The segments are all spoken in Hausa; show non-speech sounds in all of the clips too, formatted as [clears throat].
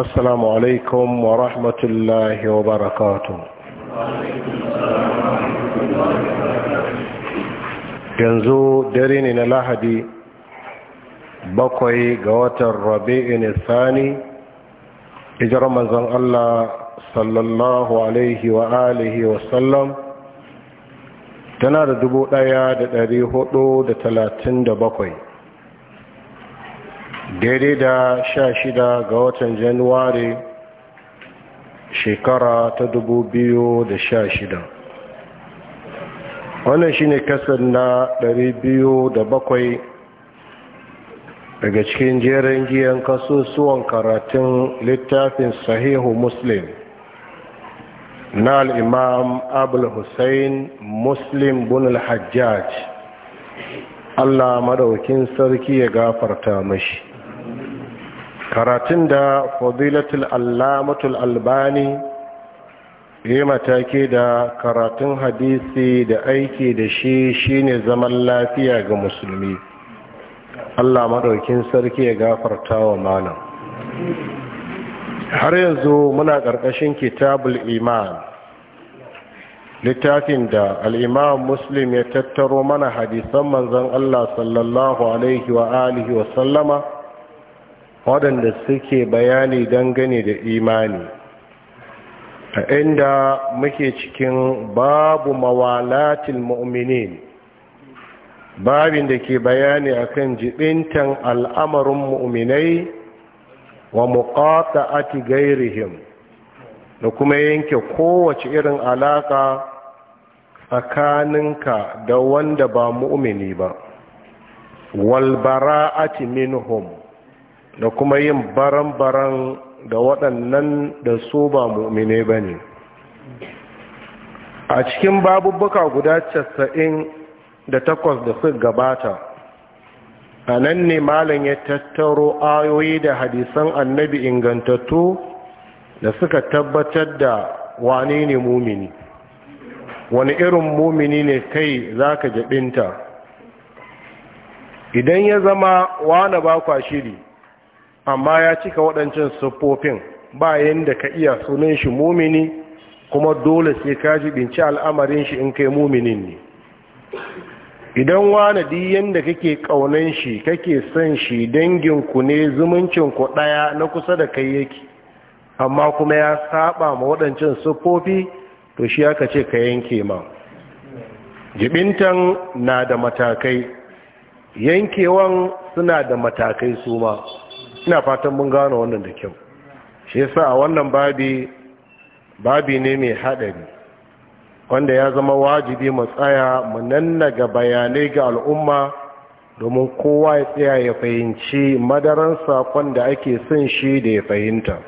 السلام عليكم ورحمة الله وبركاته yanzu dare ne na lahadi bakwai ga watan rabi'in sani hijirar manzon Allah sallallahu alaihi wa wa sallam tana da dubu ɗaya da dari hudu da talatin da bakwai daidai da sha shida ga watan januwari shekara ta dubu biyu da sha shida wannan shi ne kasar na ɗari biyu da bakwai daga cikin jerin giyan kasusuwan karatun littafin sahihu muslim na al'imam abul hussein muslim bin hajjaj allah madaukin sarki ya gafarta mashi karatun da fadilatul allamatul albani yi mataki da karatun hadisi da aiki da shi shine zaman lafiya ga musulmi allah maɗaukin sarki ya gafarta wa malam har yanzu muna ƙarƙashin kitabul iman littafin da al'imam muslim ya tattaro mana hadisan manzan allah sallallahu alaihi wa alihi wa sallama waɗanda suke bayani dangane da imani a inda muke cikin babu mawalatil mu'minin babin da ke bayani akan jibintan al'amarin mu'minai wa muqata'ati gairihim da kuma yanke kowace irin alaƙa tsakaninka da wanda ba mu'mini ba wal bara'ati minhum da kuma yin baran-baran da waɗannan da su ba mu'mine ba ne a cikin babubuka guda casa'in da takwas da su gabata a nan ne malam ya tattaro ayoyi da hadisan annabi ingantattu da suka tabbatar da wane ne mumini wani irin mumini ne kai za ka jaɓinta idan ya zama wane ba kwa shiri amma ya cika waɗancan siffofin bayan da ka iya sunan shi mumini kuma dole sai ka jibinci al'amarin shi in kai muminin ne idan wani di yanda kake kaunan shi kake son shi danginku ne zumuncinku ɗaya na kusa da kai yake amma kuma ya saba ma waɗancan siffofi to shi aka ce ka yanke ma jibintan na da matakai yankewan suna da matakai su ma ina fatan mun gano wannan da kyau shi yasa a wannan babi babi ne mai haɗari wanda ya zama wajibi mu tsaya mu nannaga bayanai ga al'umma domin kowa ya tsaya ya fahimci madaran sakon da ake son shi da ya fahimta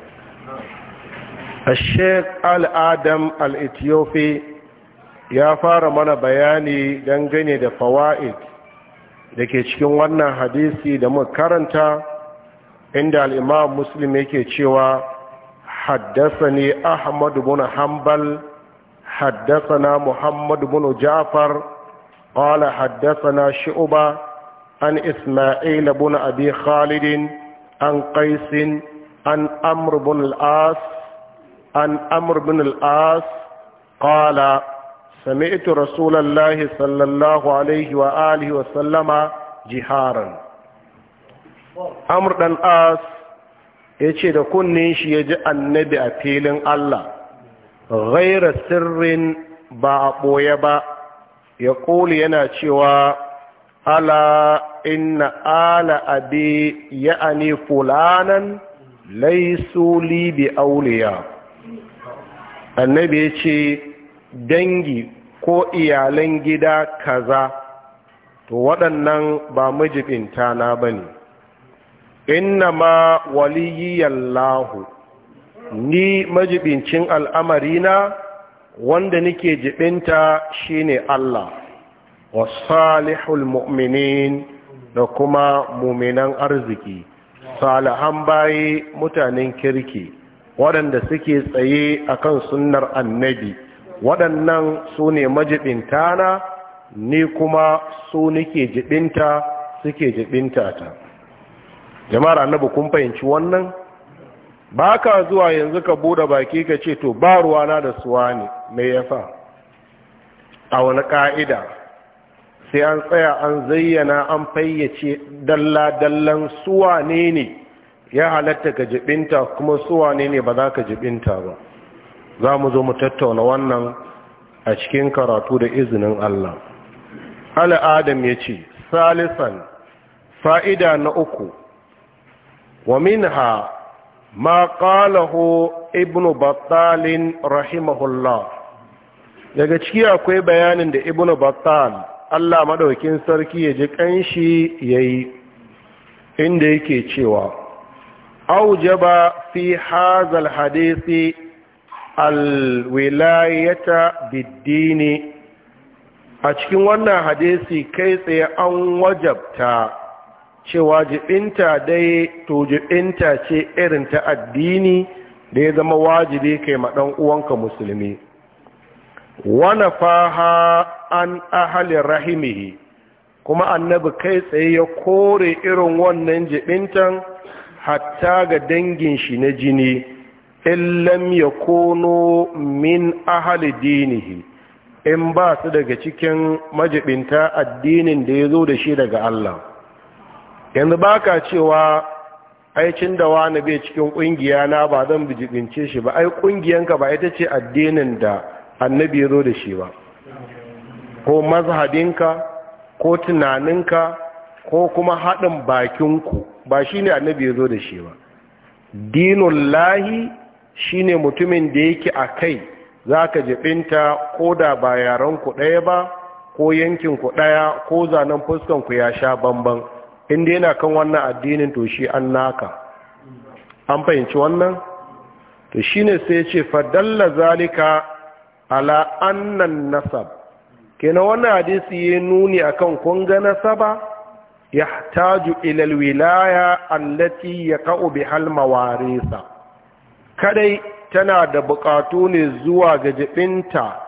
الشيخ al الإثيوبي ya fara mana bayani dangane da fawa'id da ke cikin wannan hadisi da muka karanta inda al'imam muslim yake cewa haddasa ne ahmadu bin hanbal haddasa na muhammadu bin jafar ƙwala haddasa na shi'uba an isma'ila bin abi khalidin an qaisin an amr bin al'as an amr bin al'as ƙwala sami'tu rasulallah sallallahu alaihi wa alihi wa sallama jiharan amur dan as ya ce da kunnen shi ya ji annabi a filin Allah ghaira sirrin ba a ɓoye ba ya ƙoli yana cewa ala inna ala abi ani fulanan laisu libi auliya annabi ya ce dangi ko iyalan gida kaza to waɗannan ba mijibinta na ba ne Inna innama waliyallahu ni majibincin al'amarina wanda nike jibinta shine Allah wa salihul mu'minin da kuma muminan arziki salihan bayi mutanen kirki waɗanda suke tsaye akan sunnar annabi waɗannan su ne majibinta na ni kuma su nike jibinta suke jibinta ta jama'ar annabi kun fahimci wannan ba ka zuwa yanzu ka bude baki ka ce to ba ruwa na da suwa ne mai yasa a wani ka'ida sai an tsaya an zayyana an fayyace dalla-dallan suwa ne ne ya halatta ka jibinta kuma suwa ne ne ba za ka jibinta ba za mu zo mu tattauna wannan a cikin karatu da izinin Allah al'adam ya ce salisan fa'ida na uku ومنها ما قاله ابن بطال رحمه الله daga ciki akwai bayanin da ibn battal Allah madaukin sarki ya ji kanshi yayi inda yake cewa aujaba fi hazal hadisi alwilayata biddini a cikin wannan hadisi kai tsaye an wajabta cewa jibinta dai to jibinta ce irin ta addini da ya zama wajibi kai ma dan uwanka musulmi wana faha an ahalin rahimihi kuma annabi kai tsaye ya kore irin wannan jibintan hatta ga dangin shi na jini illam ya kono min ahali dinihi in ba su daga cikin majibinta addinin da ya zo da shi daga Allah yanzu ba ka cewa aicin da wani bai cikin ƙungiya na ba zan bijibince shi ba ai ƙungiyanka ba ita ce addinin da annabi ya zo da shi ba ko mazhabinka ko tunaninka ko kuma haɗin bakinku ba shi ne annabi ya zo da shi ba dinun lahi shi mutumin da yake a kai za ka jibinta ko da ba yaranku ɗaya ba ko yankin ku ɗaya ko zanen fuskanku ya sha bambam inda yana kan wannan addinin to shi an naka an fahimci wannan to shine sai ce fadalla zalika ala annan nasab kenan wannan hadisi ya nuni akan kun ga nasaba Ya yahtaju ila alwilaya allati bi bihal mawarisa kadai tana da bukatu ne zuwa ga jibinta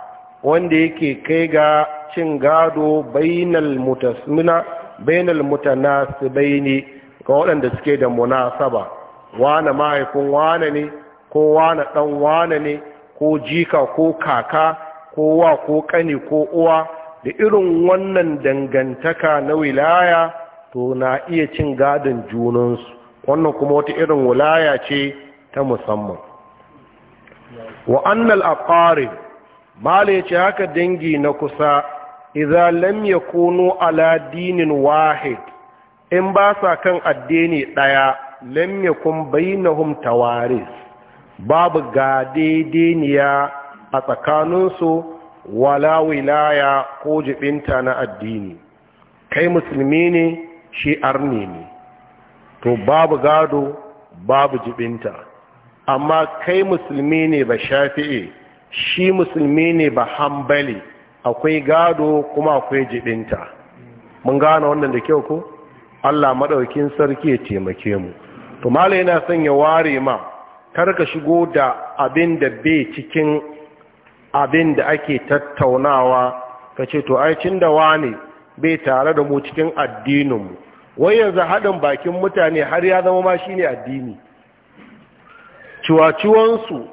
wanda yake kai ga cin gado bainal mutasmina bainal mutanasibaini ga waɗanda suke da munasaba wane mahaifin wane ne ko wane ɗan wane ne ko jika ko kaka ko wa ko kani ko uwa da irin wannan dangantaka na wilaya to na iya cin gadon junansu wannan kuma wata irin wilaya ce ta musamman wa annal aqarib mala ce haka dangi na kusa Iza lam yakunu ala dinin wahid in ba sa kan addini daya lam yakun bainahum tawaris babu ga daidaniya a tsakaninsu wala wilaya ko jibinta na addini kai musulmi ne shi arni ne to babu gado babu jibinta amma kai musulmi ne ba shafi'i shi musulmi ne ba hambali akwai gado kuma akwai jibinta mun gane wannan da kyau ko Allah maɗaukin sarki ya taimake mu to malai yana son ya ware ma kar ka shigo da abin da be cikin abin da ake tattaunawa ka ce to ai cin da wani be tare da mu cikin addinin mu wai yanzu haɗin bakin mutane har ya zama ma shine addini ciwaciwansu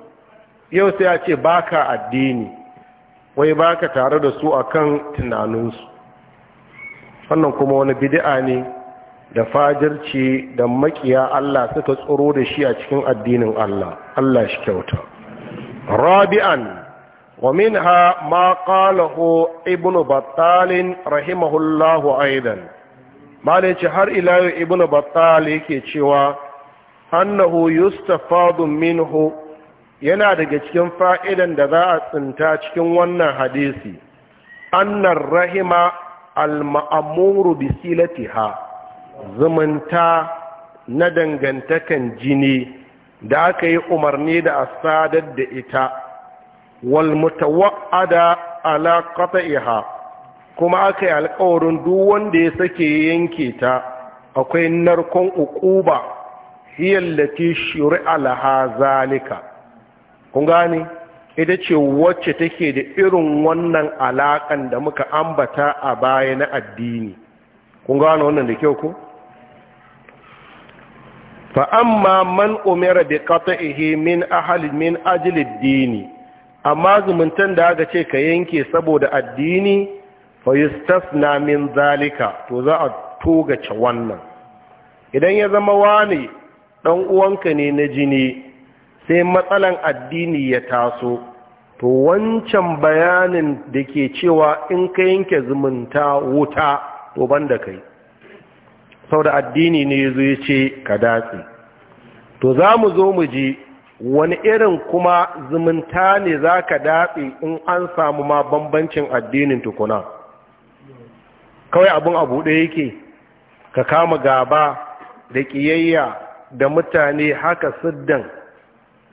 yau sai a ce baka addini wai baka tare da su a kan tunaninsu wannan kuma wani bid'a ne da fajirci da makiya Allah suka tsoro da shi a cikin addinin Allah Allah shi kyauta rabi'an wa minha ma qalahu ibnu battal rahimahullahu aidan malaci har ila ibnu battal yake cewa annahu yustafadu minhu yana daga cikin fa'idan da za a tsinta cikin wannan hadisi annar rahima al-ma'amuru bi zumunta na dangantakan jini da aka yi umarni da a sadar da ita wal mutawa'ada iha kuma aka yi alƙawarin duk wanda ya sake yanke ta akwai narkon uquba hiyallati shuri'a laha zalika kun gane ita ce wacce take da irin wannan alakan da muka ambata a baya na addini kun gane wannan da kyau ko fa amma man umira bi qat'ihi min ahli min ajli ad amma zumuntan da aka ce ka yanke saboda addini fa yustasna min zalika to za a togace wannan idan ya zama wani dan uwanka ne na jini sai matsalan addini ya taso to wancan bayanin da ke cewa in ka yanke zumunta wuta to banda kai sau da addini ne zai ce ka datse to za mu zo mu ji wani irin kuma zumunta ne za ka datse in an samu ma bambancin addinin tukuna kawai abin abu ɗaya yake ka kama gaba da ƙiyayya da mutane haka siddan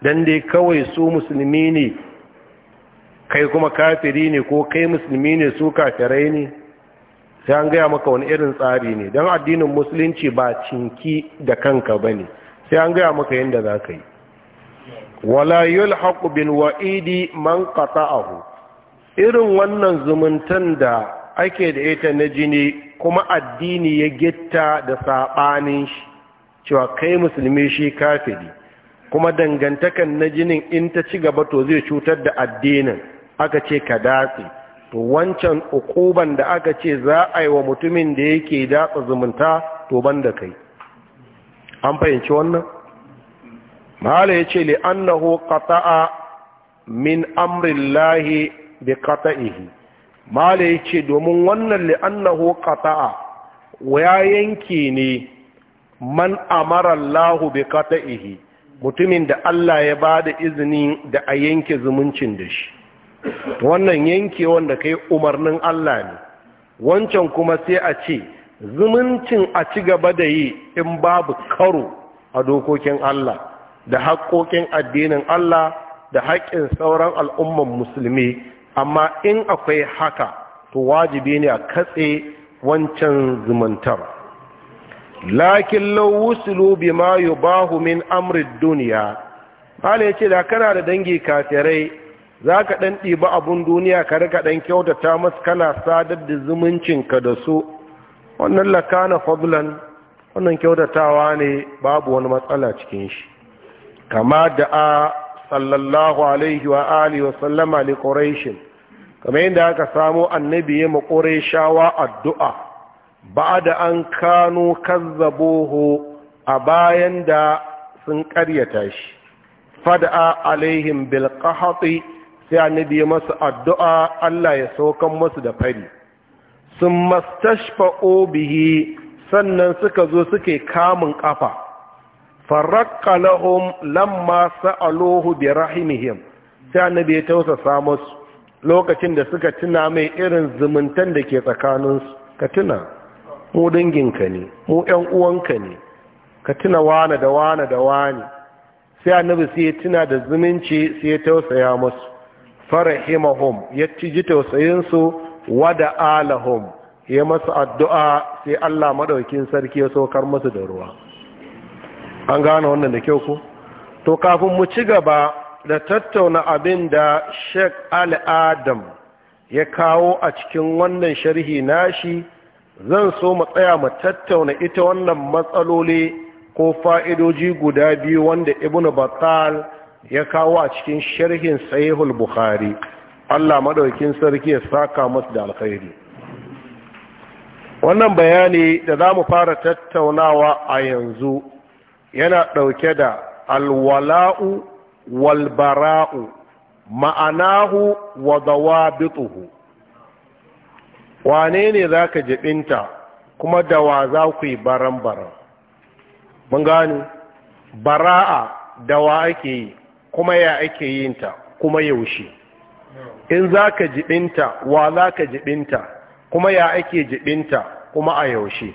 dan dai kawai su musulmi ne kai kuma kafiri ne ko kai musulmi ne su kafirai ne sai an gaya maka wani irin tsari ne don addinin musulunci ba cinki da kanka ba ne sai an gaya maka yadda za ka yi wala yulhaqu wa'idi man qata'ahu irin wannan zumuntan da ake da ita na jini kuma addini ya gitta da saɓanin shi cewa kai musulmi shi kafiri kuma dangantakan na jinin in ta ci gaba to zai cutar da addinin aka ce ka datse to wancan ukuban da aka ce za a yi wa mutumin da yake datsa zumunta to ban da kai an fahimci wannan mahala ya ce li annahu qata'a min amrillahi bi qata'ihi mahala ya ce domin wannan li annahu qata'a ya yanke ne man amara Allahu bi qata'ihi mutumin da Allah ya ba da izini da a yanke zumuncin da shi wannan yanke wanda kai umarnin Allah ne wancan kuma sai a ce zumuncin a ci gaba da yi in babu karo a dokokin Allah da haƙoƙin addinin Allah da haƙƙin sauran al'umman musulmi amma in akwai haka to wajibi ne a katse wancan zumuntar lakin yi ba hu min amri duniya ya ce da kana da dangi kafirai zaka ɗan ɗiba abun duniya ka rika ɗan kyautata masu kana sadar da zumuncinka da su wannan lakana fadlan wannan kyautatawa ne babu wani matsala cikin shi kama da a sallallahu alaihi wa alihi wa sallama li quraish kamar yadda aka samo annabi ya shawa addu'a da an kano kazzabohu a bayan da sun karyata shi fad'a alaihim bil qahati sai annabi ya masu addu'a Allah ya saukan masu da fari sun mastashfa'o bihi sannan suka zo suke kamun kafa farraqa lahum lamma sa'aluhu bi rahimihim sai annabi ya tausasa masu lokacin da suka tuna mai irin zumuntan da ke tsakaninsu ka tuna mu danginka ne mu ƴan uwanka ne ka tuna wane da wane da wane sai annabi sai ya tuna da zumunci sai ya tausaya musu farahimahum ya ji tausayinsu wada alahum ya masu addu'a sai Allah maɗaukin sarki ya saukar masu da ruwa an gane wannan da kyau ko? to kafin mu ci gaba da tattauna abin da shek al'adam ya kawo a cikin wannan sharhi nashi zan so mu tsaya mu tattauna ita wannan matsaloli ko fa'idoji guda biyu wanda ibn battal ya kawo a cikin sharhin sahihul bukhari Allah madaukin sarki ya saka musu da alkhairi wannan bayani da za mu fara tattaunawa a yanzu yana ɗauke da alwala'u walbara'u ma'anahu wa dawabituhu wane ne za ka jibinta kuma da wa za ku yi baran-baran mun gani bara'a da wa ake yi kuma ya ake yinta kuma yaushe in za ka jibinta wa za ka jibinta kuma ya ake jibinta kuma a yaushe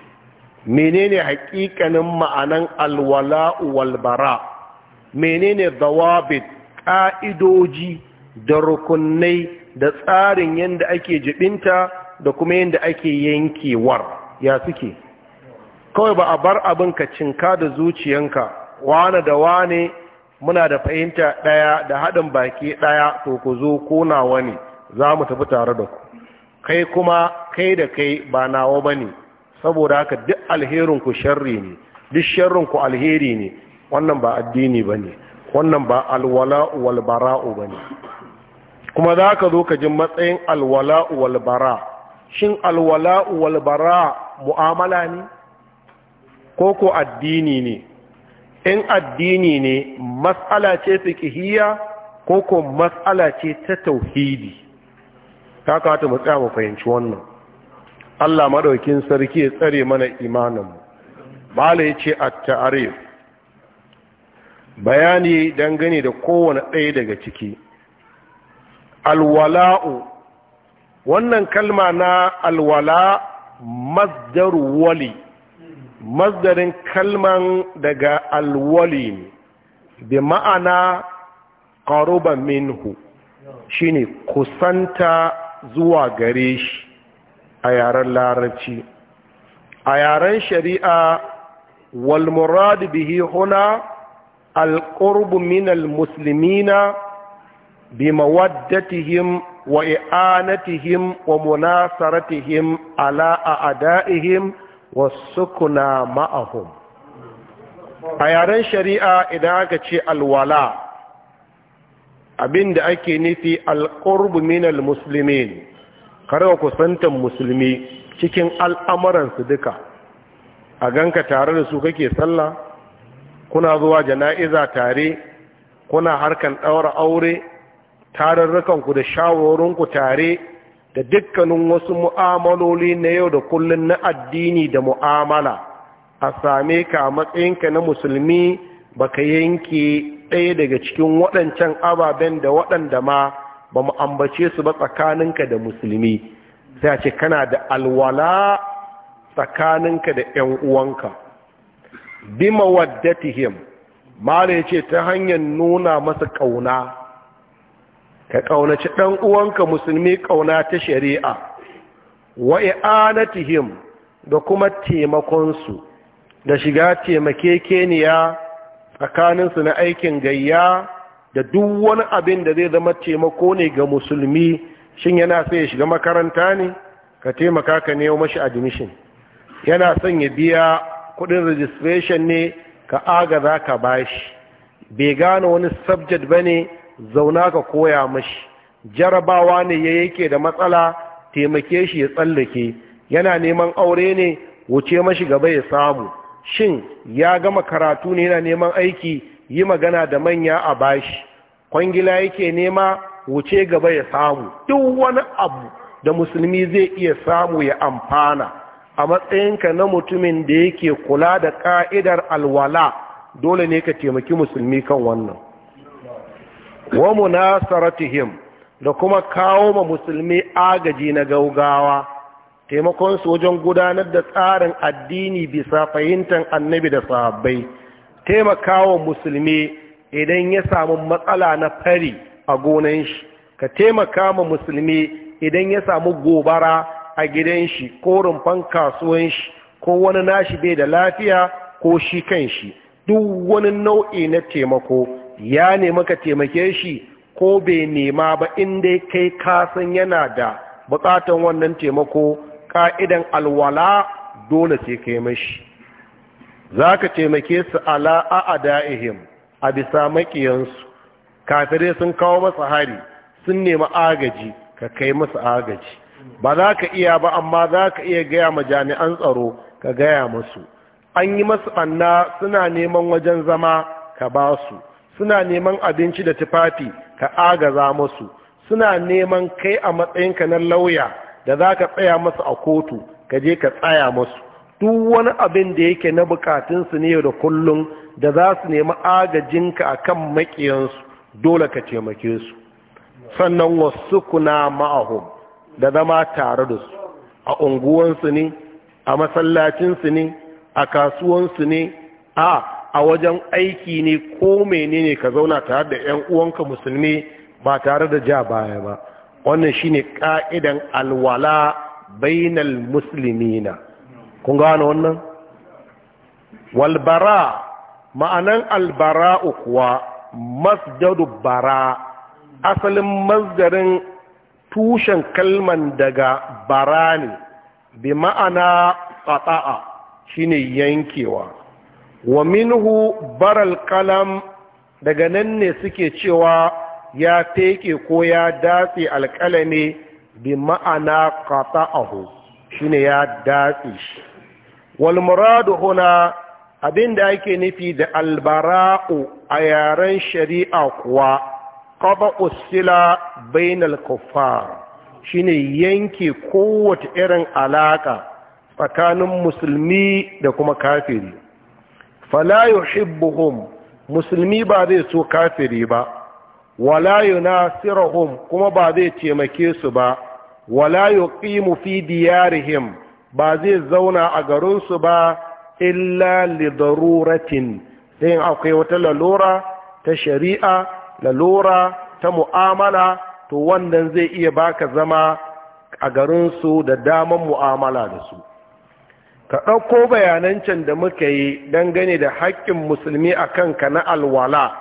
menene hakikanin ma'anan alwala'u walbara menene zawabin ƙa'idoji da rukunai da tsarin yadda ake jibinta da kuma yadda ake yankewar ya suke kawai ba a bar abin ka cinka da zuciyanka wane da wane muna da fahimta ɗaya da haɗin baki ɗaya to ku zo ko na wani za mu tafi tare da ku kai kuma kai da kai ba nawa ba ne saboda haka duk alherinku sharri ne duk sharrinku alheri ne wannan ba addini ba ne wannan ba alwala'u walbara'u ba ne kuma za ka zo ka ji matsayin alwala'u walbara'u shin alwala'u walbara mu'amala ne ko ko addini ne in addini ne matsala ce fikihiyya ko ko mas'ala ce ta tauhidi ta kata mu tsaya mu fahimci wannan Allah madaukin sarki ya tsare mana imanin bala yace a tarif bayani dangane da kowane ɗaya daga ciki alwala'u wannan kalma na alwala masdar wali masdarin kalman daga alwali ne bi ma'ana ƙaruba minhu shine kusanta zuwa gare shi a yaren larabci a yaren shari'a walmurad bihi huna alƙurbu minal muslimina bi mawaddatihim wa i'anatihim wa munasaratihim ala a'da'ihim sukuna ma'ahum a yaren shari'a idan aka ce alwala abinda ake nufi alqurbu minal muslimin karewa kusantan musulmi cikin al'amuransu duka a ganka tare da su kake sallah kuna zuwa jana'iza tare kuna harkan ɗaura aure tararrukanku da shawarorinku tare da dukkanin wasu mu'amaloli na yau da kullum na addini da mu'amala a same ka matsayinka na musulmi baka yanke ɗaya daga cikin waɗancan ababen da waɗanda ma ba mu ambace su ba tsakaninka da musulmi sai ce kana da alwala tsakaninka da 'yan uwanka bima waddatihim mala ce ta hanyar nuna masa ƙauna ka ƙaunaci ɗan uwanka musulmi ƙauna ta shari'a wa i'anatihim da kuma taimakonsu da shiga taimake taimakekeniya tsakaninsu na aikin gayya da duk wani abin da zai zama taimako ne ga musulmi shin yana sai ya shiga makaranta ne ka taimaka ka nemo mashi admission yana son ya biya kudin registration ne ka agaza ka bashi bai gane wani subject bane zauna ka koya mashi jarabawa ne ya yake da matsala taimake shi ya tsallake yana neman aure ne wuce mashi gaba ya samu shin ya gama karatu ne yana neman aiki yi magana da manya a bashi kwangila yake nema wuce gaba ya samu duk wani abu da musulmi zai iya samu ya amfana a matsayinka na mutumin da yake kula da ka'idar alwala dole ne ka taimaki musulmi kan wannan wa munasaratihim da kuma kawo ma musulmi agaji na gaugawa taimakon su wajen gudanar da tsarin addini bisa fahimtar annabi da sahabbai taimakawa musulmi idan ya samu matsala na fari a gonan shi ka taimaka ma musulmi idan ya samu gobara a gidan shi ko rumfan kasuwan shi ko wani nashi bai da lafiya ko shi kan shi duk wani nau'i na taimako ya nema ka taimake shi ko bai nema ba inda kai kasan yana da bukatan wannan taimako ka'idan alwala dole sai kai mashi za ka taimake su ala ada'ihim a bisa makiyansu kafirai sun kawo masa hari sun nemi agaji ka kai masa agaji ba za ka iya ba amma za ka iya gaya ma jami'an tsaro ka gaya masu an yi masu ɓanna suna neman wajen zama ka ba su suna neman abinci da tufafi ka agaza musu suna neman kai a matsayinka na lauya da za ka tsaya masu a kotu ka je ka tsaya masu duk wani abin da yake na bukatunsu ne da kullum da za su nemi agajinka a kan maƙiyansu dole ka taimake su sannan wasu kuna ma'ahu da zama tare da su a unguwansu ne a masallacinsu ne a kasuwansu ne a a wajen aiki ne ko menene ka zauna tare da 'yan uwanka musulmi ba tare da ja baya ba wannan shine ka'idan alwala bainal muslimina kun gano wannan walbara ma'anan albara kuwa masdadu bara asalin masdarin tushen kalman daga bara ne bi ma'ana tsatsa'a shine yankewa wa minhu baral kalam daga nan ne suke cewa ya teke ko ya datse alkalami bi ma'ana qata'ahu shine ya datse shi wal muradu huna abinda ake nufi da albara'u a yaren shari'a kuwa qaba usila bainal kuffar shine yanke kowace irin alaka tsakanin musulmi da kuma kafiri fala yuhibbuhum musulmi ba zai so kafiri ba wala yunasirhum kuma ba zai taimake su ba wala yuqimu fi diyarihim ba zai zauna a garinsu ba illa li daruratin sai akwai wata lalura ta shari'a lalura ta mu'amala to wannan zai iya baka zama a garinsu da daman mu'amala da su ka ɗauko bayanan can da muka yi dangane da haƙƙin musulmi a kanka na alwala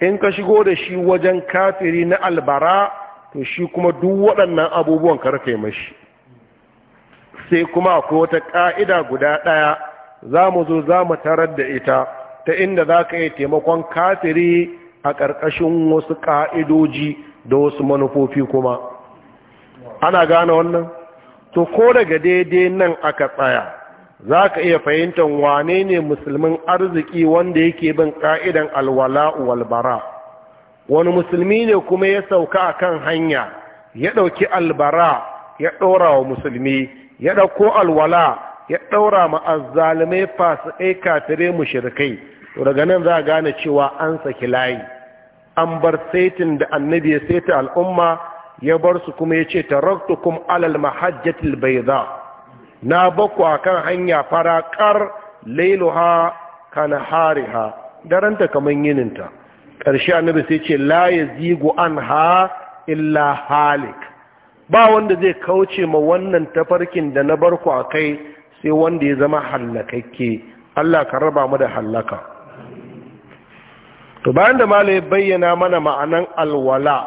in ka shigo da shi wajen kafiri na albara to shi kuma duk waɗannan abubuwan karfe mashi sai kuma akwai wata ƙa'ida guda ɗaya za mu zo za mu tarar da ita ta inda za ka yi taimakon kafiri a ƙarƙashin wasu ƙa'idoji da wasu manufofi kuma ana gane wannan to ko daga daidai nan aka tsaya za ka iya fahimtar wane ne musulmin arziki wanda yake bin ƙa'idan alwala walbara wani musulmi ne kuma ya sauka a kan hanya ya ɗauki albara ya ɗora wa musulmi ya ɗauko alwala ya ɗora ma aika tare mu shirkai to daga nan za a gane cewa an saki layi an bar saitin da annabi ya saita al'umma ya bar su kuma ya ce kum alal mahajjatil za. na baku kan hanya kar lailuha kana hariha daranta kaman yininta ƙarshe annabi sai ce la yazigu anha illa halik ba wanda zai kauce ma wannan tafarkin da na barku akai sai wanda ya zama hallakakke Allah ka raba mu da hallaka to bayan da malai bayyana mana ma'anan alwala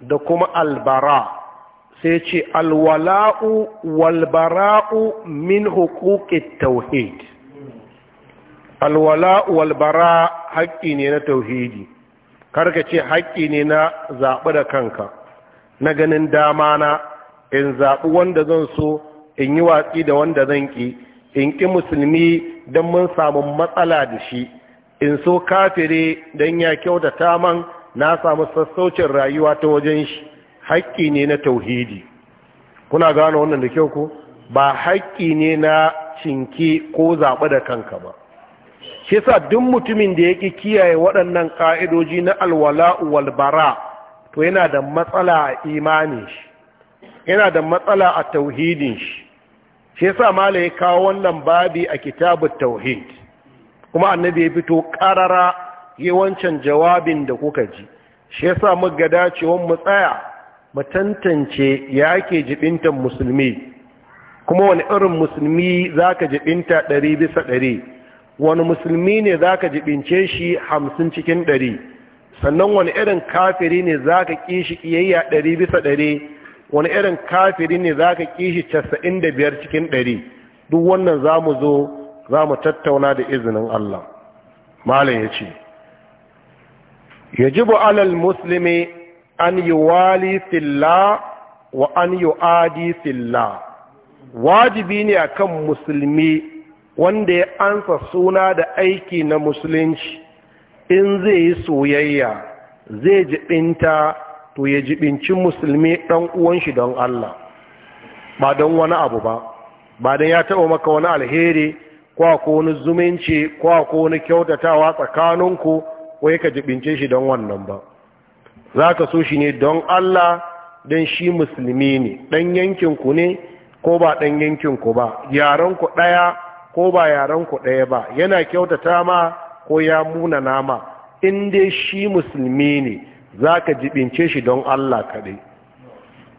da kuma albara sai ce alwala'u walbara'u min hukukin tauhid alwala'u walbara haƙƙi ne na tauhidi karka ce haƙƙi ne na zaɓi da kanka na ganin dama na in zaɓi wanda zan so in yi watsi da wanda zan ƙi in ƙi musulmi don mun samu matsala da shi in so kafire don ya kyautata man na samu sassaucin rayuwa ta wajen shi haƙƙi ne na tauhidi kuna gane wannan da kyau ko ba haƙƙi ne na cinke ko zaɓi da kanka ba shi sa duk mutumin da yake kiyaye waɗannan ƙa'idoji na alwala walbara to yana da matsala a imanin shi yana da matsala a tauhidin shi shi sa mala ya kawo wannan babi a kitabun tauhid kuma annabi ya fito ƙarara yawancin jawabin da kuka ji shi ya sa gada dacewan mu tsaya mu tantance ya ke jibintan musulmi kuma wani irin musulmi za ka jibinta ɗari bisa ɗari wani musulmi ne za ka jibince shi hamsin cikin ɗari sannan wani irin kafiri ne za ka ƙi shi ƙiyayya ɗari bisa ɗari wani irin kafiri ne za ka ƙi shi casa'in da biyar cikin ɗari duk wannan za mu zo za mu tattauna da izinin Allah malam ya ce yajibu alal muslimi an yi wali filla wa an yi adi filla wajibi ne akan musulmi wanda ya ansa suna da aiki na musulunci in zai yi soyayya zai jibinta to ya jibinci musulmi ɗan uwan shi don Allah ba don wani abu ba ba don ya taɓa maka wani alheri ko ko wani zumunci ko ko wani kyautatawa tsakaninku ko ka jibince shi don wannan ba za ka so shi ne don Allah don shi musulmi ne ɗan ku ne ko ba ɗan ku ba Yaren ku ɗaya ko ba yaren ku ɗaya ba yana kyautata ma ko ya muna nama in dai shi musulmi ne za ka jibince shi don Allah kaɗai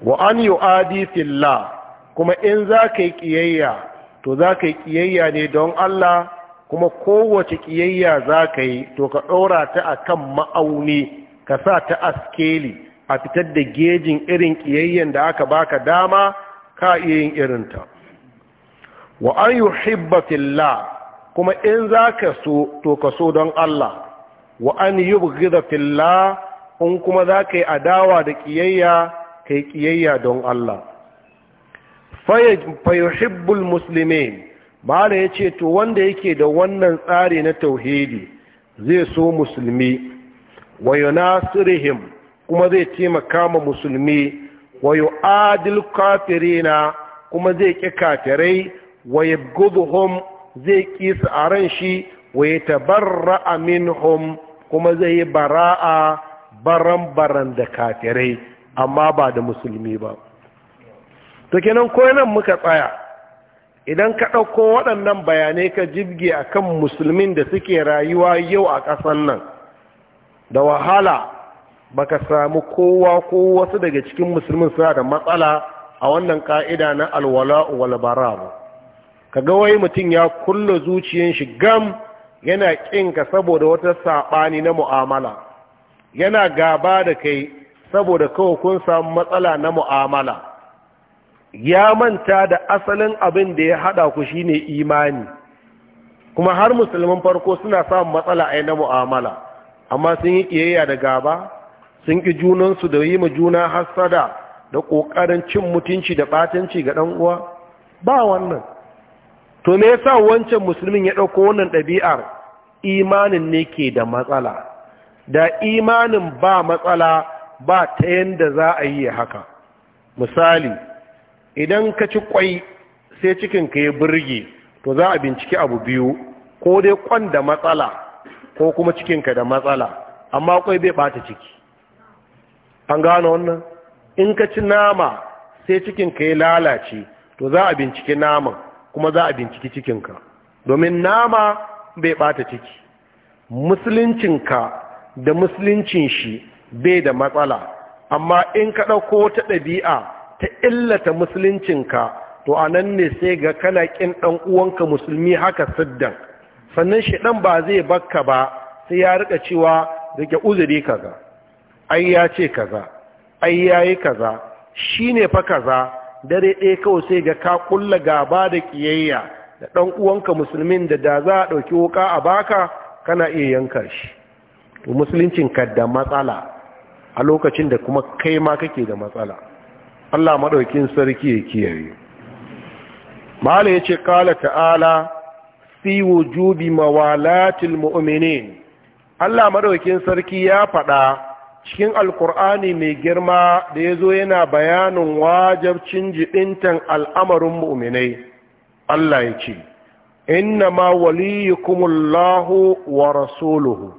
wa an yi adi filla, kuma in za ka yi ƙiyayya to za ka yi ƙiyayya ne don Allah kuma kowace ƙiyayya za ka yi to ka ɗora ta a kan ma'auni ka sa ta askeli a fitar da gejin irin ƙiyayyen da aka baka dama ka iya yin irinta wa an yi hibba filla kuma in za ka so to ka so don Allah wa an yi bugida filla in kuma za ka yi adawa da ƙiyayya ka yi ƙiyayya don Allah fayuhibbul musulmin Malam ya ce to wanda yake da wannan tsari na tauhidi zai so musulmi wa yunasirihim kuma zai taimaka wa musulmi wa kafiri na kuma zai ƙi kafirai wa yabghuduhum zai ƙi su a ran shi wa yatabarra'a minhum kuma zai yi bara'a baran baran da kafirai amma ba da musulmi ba to kenan nan muka tsaya idan ka ɗauko waɗannan bayanai ka jibge kan musulmin da suke rayuwa yau a ƙasan nan da wahala baka samu kowa ko wasu daga cikin musulmin suna da matsala a wannan ka'ida na alwala walbara. ba kaga wai mutum ya kulla zuciyar shi gam yana kinka saboda wata saɓani na mu'amala yana gaba da kai saboda kawai kun samu matsala na mu'amala ya manta da asalin abin da ya haɗa ku shine imani kuma har musulmin farko suna samun matsala a na mu'amala amma sun yi ƙiyayya da gaba sun ƙi junansu da yi ma juna hassada da ƙoƙarin cin mutunci da ɓatanci ga ɗan uwa ba wannan to me yasa wancan musulmin ya ɗauko wannan ɗabi'ar imanin ne ke da matsala da imanin ba matsala ba ta yanda za a yi haka misali idan ka ci kwai sai cikinka ya burge to za a binciki abu biyu ko dai kwan da matsala ko kuma cikinka da matsala amma kwai bai bata ciki an gano wannan in ka ci nama sai cikinka ya lalace to za a binciki naman kuma za a binciki cikinka domin nama bai bata ciki musuluncinka da musuluncin shi bai da matsala amma in ka ɗauko ta ɗabi'a ta illata musuluncinka to a ne sai ga kana ƙin ɗan uwanka musulmi haka saddan. sannan shaɗan ba zai bakka ba sai ya rika cewa rike uzuri kaza ai ya ce kaza ai yayi kaza shine fa kaza dare ɗaya kawai sai ga ka kulla gaba da ƙiyayya da ɗan uwanka musulmin da da za a ɗauki wuka a baka kana iya yanka shi to musuluncin ka da matsala a lokacin da kuma kai ma kake da matsala Allah maɗaukin sarki ya kiyaye mala yace qala ta'ala fi wujubi mawalatil mu'minin Allah madaukin sarki ya faɗa cikin alkur'ani mai girma da ya zo yana bayanin wajabcin jiɗintan al'amarin mu'minai Allah ya ce inna ma waliyukumullahu wa rasuluhu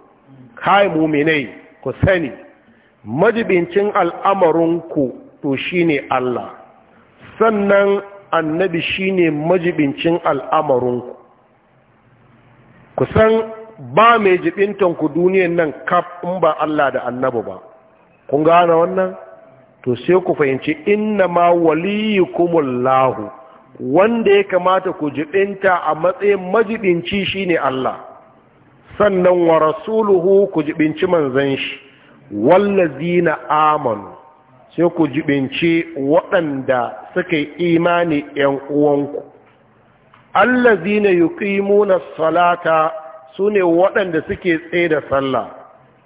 kai mu'minai ku sani majibincin al'amarinku to shine Allah sannan annabi shine majibincin al'amarinku kusan ba mai jibintan ku duniyan nan kaf in ba Allah da annabi ba kun gane wannan to sai ku fahimci inna ma waliyukumullahu wanda ya kamata ku jibinta a matsayin majibinci shine Allah sannan wa rasuluhu ku jibinci manzon shi wallazina amanu sai ku jibinci waɗanda suka yi imani ‘yan uwanku Allah allazina yuqimuna salata sune waɗanda suke tsaye da sallah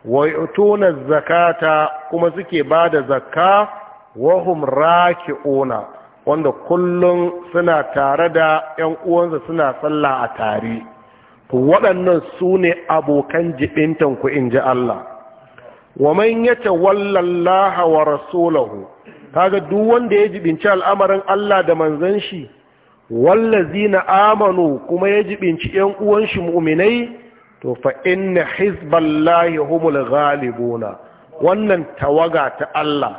wa yutuna zakata kuma suke bada zakka wa hum raki'una wanda kullum suna tare da ƴan uwansa suna sallah a tare to waɗannan sune abokan jibintan ku ji Allah wa man yata wallallaha wa rasulahu kaga duk wanda ya jibinci al'amarin Allah da manzon shi na amanu kuma ya jibinci ‘yan uwan shi mu'minai to fa inna hizballahi humul ghalibuna wannan tawaga ta Allah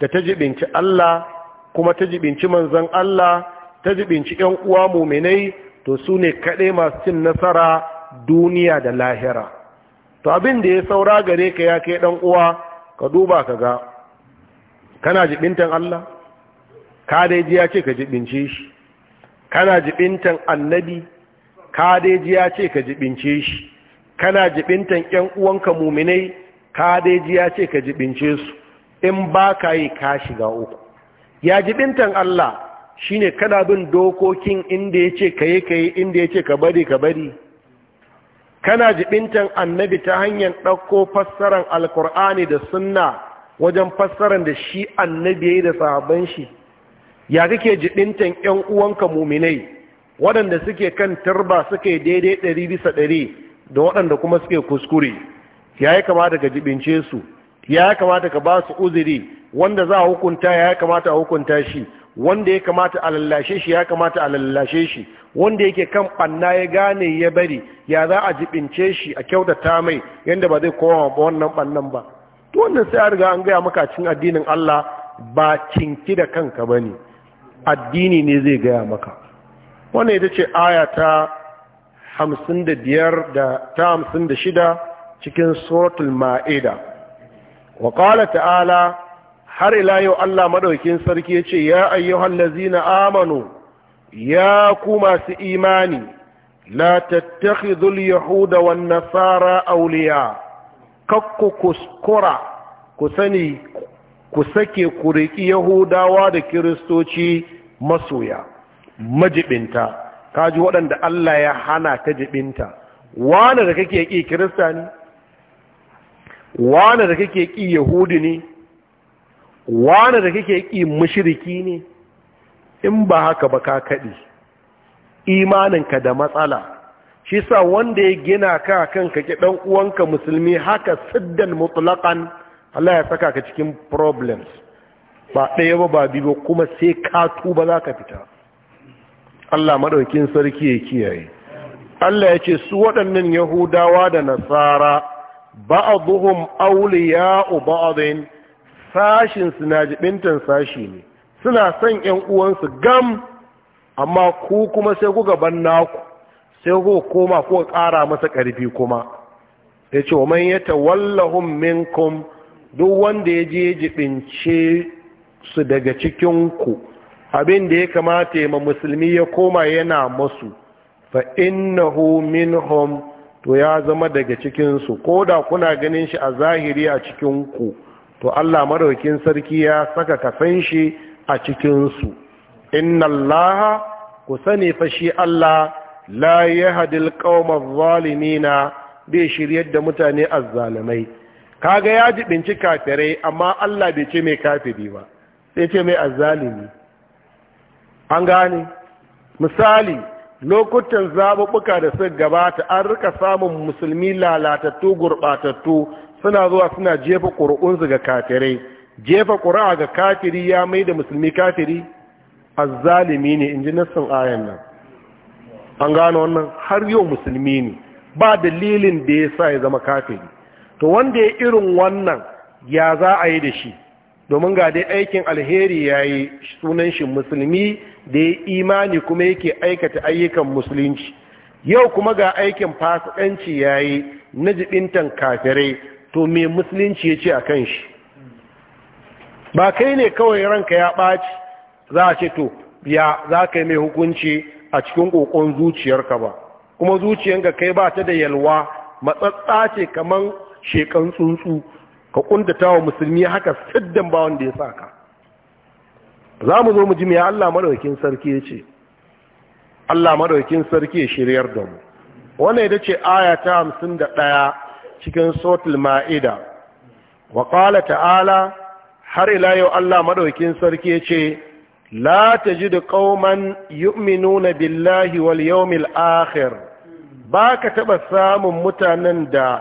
da ta jibinci Allah kuma ta jibinci manzan Allah ta jibinci ‘yan uwa mu'minai to su ne kaɗai masu cin nasara duniya da lahira to abin da ya saura gare ka ya kai ɗan uwa ka duba ka ga kana jibintan Allah ka dai ji ya ce ka jibince shi kana jibintan annabi ka dai ji ya ce ka jibince shi kana jibintan ƴan uwanka muminai ka dai ji ya ce ka jibince su in ba ka yi ka shiga uku ya jibintan Allah shine kana bin dokokin inda yace ce ka yi ka inda yace ka bari ka bari kana jibintan annabi ta hanyar ɗauko fassaran alkur'ani da sunna wajen fassaran da shi annabi ya yi da sahabban shi ya kake jibintan 'yan uwanka muminai waɗanda suke kan turba suke daidai ɗari bisa ɗari da waɗanda kuma suke kuskure ya yi kamata ka jibince su ya kamata ka ba su uzuri wanda za a hukunta ya kamata a hukunta shi wanda ya kamata a lallashe shi ya kamata a lallashe shi wanda yake kan ɓanna ya gane ya bari ya za a jibince shi a kyautata mai yadda ba zai kowa ba wannan ɓannan ba to wannan sai a riga an gaya maka cin addinin Allah ba cinki da kanka ba ne addini ne zai gaya maka wannan ita ce aya ta hamsin da biyar ta hamsin cikin suratul ma'ida wa ƙala ta'ala har ila yau Allah maɗaukin sarki ya ce ya ayyuhan lazina amanu ya ku masu imani la tattakhidhul yahuda wan nasara awliya kakku kuskura ku sani ku sake ku riƙi yahudawa da kiristoci masoya majibinta kaji waɗanda Allah ya hana ta jibinta wane da kake ƙi kirista ne wane da kake ƙi yahudi ne wane da kake ƙi mushriki ne in ba haka ba ka kaɗi imaninka da matsala shi sa wanda ya gina ka kan ki ɗan uwanka musulmi haka siddan mutlaqan Allah ya saka ka cikin problems ba ɗaya ba ba biyu kuma sai ka tuba za ka fita Allah maɗaukin sarki ya kiyaye Allah ya ce su waɗannan yahudawa da nasara ba'aduhum buhun ba'adin sashin su na jibintan sashi ne suna son ƴan uwansu gam amma ku kuma sai ku gaban naku sai ku koma ku ƙara masa ƙarfi kuma ya ce wa man wallahun minkum duk wanda ya je jibince su daga cikinku abin da ya kamata ma musulmi ya koma yana masu fa innahu minhum to ya zama daga cikinsu ko da kuna ganin shi a zahiri a cikinku to Allah maraukin sarki ya saka kasan shi a cikinsu inna Allah ku sani fa shi Allah la yahdil adh-dhalimina bai shiryar da mutane azzalimai kaga ya jibinci kafirai amma Allah bai ce mai kafiri ba sai ce mai azalimi an gane misali lokutan zaɓuɓɓuka da suka gabata an rika samun musulmi lalatattu gurɓatattu suna zuwa suna jefa ƙuri'unsu ga kafirai jefa ƙuri'a ga kafiri ya mai da musulmi kafiri azalimi ne in ji nassin ayan nan an gano wannan har yau musulmi ne ba dalilin da ya sa ya zama kafiri to wanda ya irin wannan ya za a yi da shi domin ga dai aikin alheri yayi sunan shi musulmi da ya imani kuma yake aikata ayyukan musulunci yau kuma ga aikin fasikanci yayi na jibintan kafirai to me musulunci ya ce a kan shi ba kai ne kawai ranka ya ɓaci za a ce to ya za ka yi mai hukunci a cikin ƙoƙon zuciyarka ba kuma zuciyarka kai ba ta da yalwa matsatsa ce kamar shekan tsuntsu ka ta wa musulmi haka siddan ba wanda ya sa ka. za mu zo mu ji mai Allah madaukin sarki ya ce Allah madaukin sarki ya shiryar da mu wannan ita ce aya ta 51 cikin suratul maida wa qala ta'ala har ila yau Allah madaukin sarki ya ce la لا تجد yuminuna billahi wal واليوم akhir Baka taɓa samun mutanen da.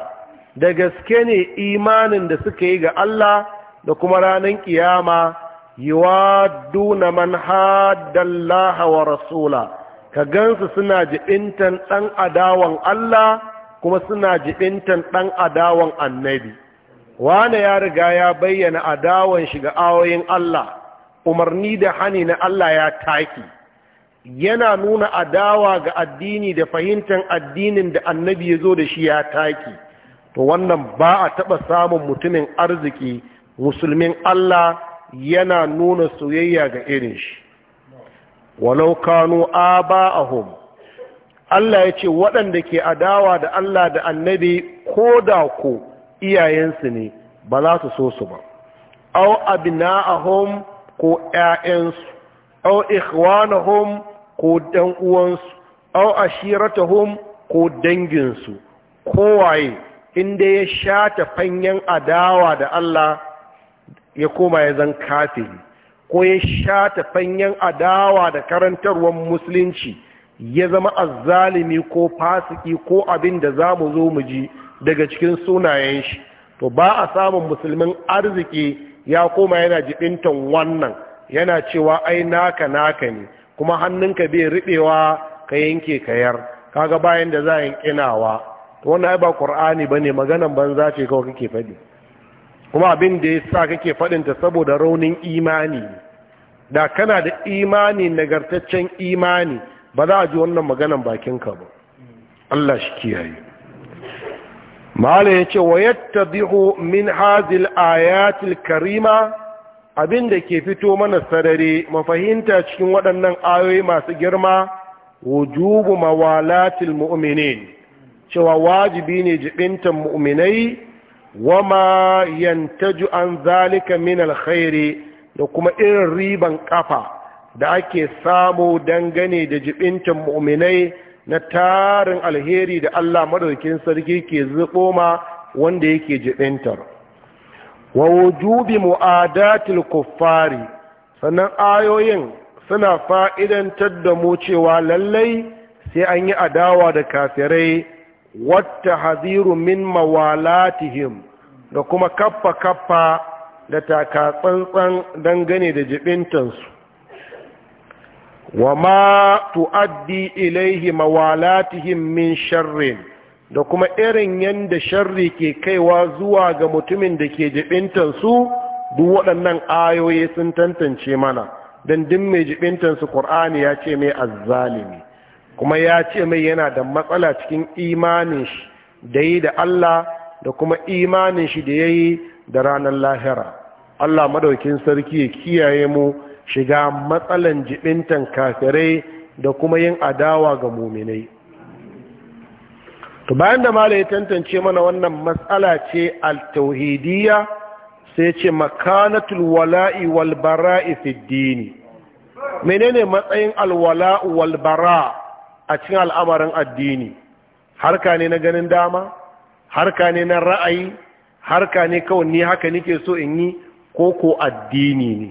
da gaske ne imanin da suka yi ga Allah da kuma ranar kiyama yiwaduna man haddallaha wa rasula ka gansu suna jibintan ɗan adawan Allah kuma suna jibintan ɗan adawan annabi wane ya riga ya bayyana adawan shi ga awoyin Allah umarni da hani na Allah ya taki yana nuna adawa ga addini da fahimtar addinin da annabi ya zo da shi ya taki to wannan ba a taɓa samun mutumin arziki musulmin Allah yana nuna soyayya ga irin shi walau kanu aba'ahum Allah ya ce waɗanda ke adawa da Allah da annabi ko da ko iyayensu ne ba za su so su ba au abina'ahum ko yayansu au ikhwanahum ko ɗan uwansu au ashiratahum ko danginsu kowaye inda ya sha ta fanyen adawa da Allah ya koma ya zan kafiri ko ya sha ta fanyen adawa da karantarwar musulunci ya zama azzalimi ko fasiki ko abin da za mu zo mu ji daga cikin sunayen shi to ba a samun musulmin arziki ya koma yana jibintan wannan yana cewa ai naka naka ne kuma hannunka bai riɓewa ka yanke kayar kaga bayan da za a kinawa wannan ai ba qur'ani bane maganan banza ce kawai kake faɗi kuma abin da ya sa kake faɗin ta saboda raunin imani da kana da imani nagartaccen imani ba za a ji wannan maganan bakinka ba Allah shi kiyaye mala ya ce wa min hazil ayatil karima abin da ke fito mana sarare mafahimta cikin waɗannan ayoyi masu girma wujubu mawalatil mu'minin cewa wajibi ne jibintan mu'minai wama yantaju an zalika min alkhairi da kuma irin riban kafa da ake samu dangane da jibintan mu'minai na tarin alheri da Allah madaukin sarki ke zubo ma wanda yake jibintar wa wujubi mu'adatil kuffari sannan ayoyin suna fa'idantar da mu cewa lallai sai an yi adawa da kafirai wata haziru min mawalatihim da kuma kaffa kaffa da taka tsantsan dangane da jibintansu wa ma tu'addi ilaihi mawalatihim min sharrin da kuma irin yadda sharri ke kaiwa zuwa ga mutumin da ke jibintansu duk waɗannan ayoyi sun tantance mana don din mai jibintansu ƙur'ani ya ce mai azzalimi kuma ya ce mai yana da matsala cikin imanin shi da yi da Allah da kuma imanin shi da ya yi da ranar lahira Allah madaukin sarki ya kiyaye mu shiga matsalan jibintan kafirai da kuma yin adawa ga muminai to bayan da malai tantance mana wannan matsala ce al-tauhidiyya sai ce makanatul wala'i wal bara'i fi dini menene matsayin al-wala'u wal bara'a a cikin al'amarin addini harka ne na ganin dama harka ne na ra'ayi harka ne kawai ni haka nike so in yi ko ko addini ne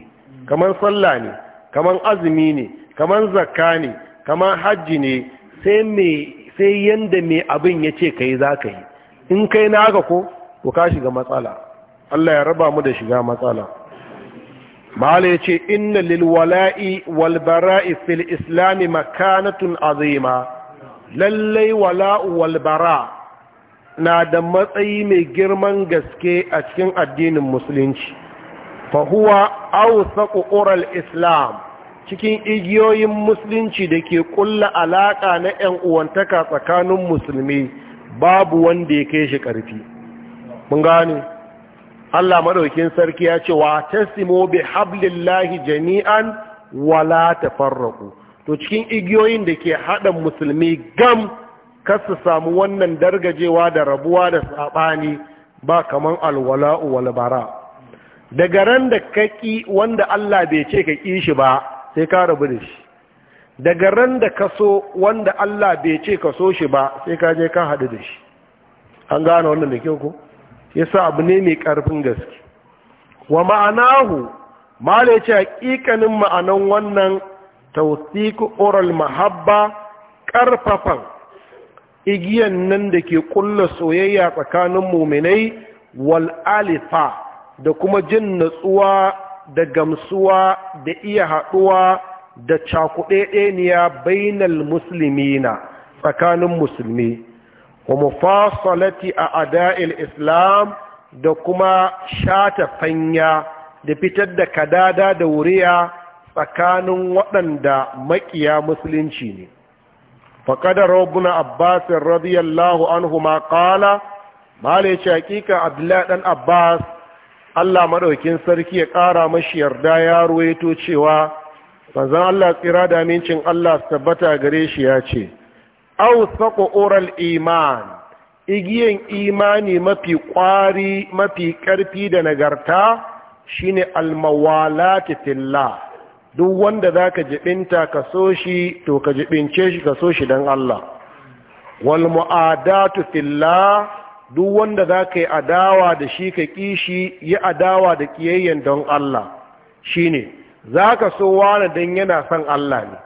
kamar sallah ne kamar azumi ne kamar zakka ne kamar hajji ne sai yanda mai abin ya ce kai za ka yi in kai na haka ko ko ka shiga matsala Allah ya raba mu da shiga matsala mahala ya ce inna lilwala'i walbara'i fil islami makanatun azima lallai wala'u walbara na da matsayi mai girman gaske a cikin addinin musulunci fahuwa ausaku oral islam cikin igiyoyin musulunci da ke ƙulla alaƙa na 'yan uwantaka tsakanin musulmi babu wanda ya kai shi ƙarfi mun gane Allah madaukin sarki ya ce wa tasimu bi hablillahi jami'an wala tafarraqu to cikin igiyoyin da ke hada musulmi gam kasu samu wannan dargajewa da rabuwa da sabani ba kaman alwala'u wal bara daga ran da kaki wanda Allah bai ce ka ƙi shi ba sai ka rabu da shi daga ran da ka so wanda Allah bai ce ka so shi ba sai ka je ka hadu da shi an gane wannan da kyau ko Ya sa abu ne mai ƙarfin gaske wa ma'anahu mala ya ce haƙiƙanin ma'anan wannan tausiku oral mahabba ƙarfafan igiyan nan da ke ƙulla soyayya tsakanin muminai wal'alifa da kuma jin natsuwa da gamsuwa da iya haɗuwa da cakuɗe ɗeniya bainal musulmina tsakanin musulmi wa mufasalati a ada'il islam da kuma shata fanya da fitar da kadada da wuriya tsakanin waɗanda makiya musulunci ne faƙadar rabuna abbasin radiyallahu anhu ma ƙala ma da ya abdullahi ɗan abbas allah maɗaukin sarki ya ƙara mashi yarda ya ruwaito cewa manzan allah tsira da amincin allah tabbata gare shi ya ce au sako oral iman igiyan imani mafi ƙwari mafi ƙarfi da nagarta shine almawalati fillah duk wanda za ka jibinta ka so shi to ka jibince shi ka so shi don Allah wal mu'adatu fillah duk wanda za ka yi adawa da shi ka kishi, yi adawa da ƙiyayyen don Allah shine za ka so wani don yana son Allah ne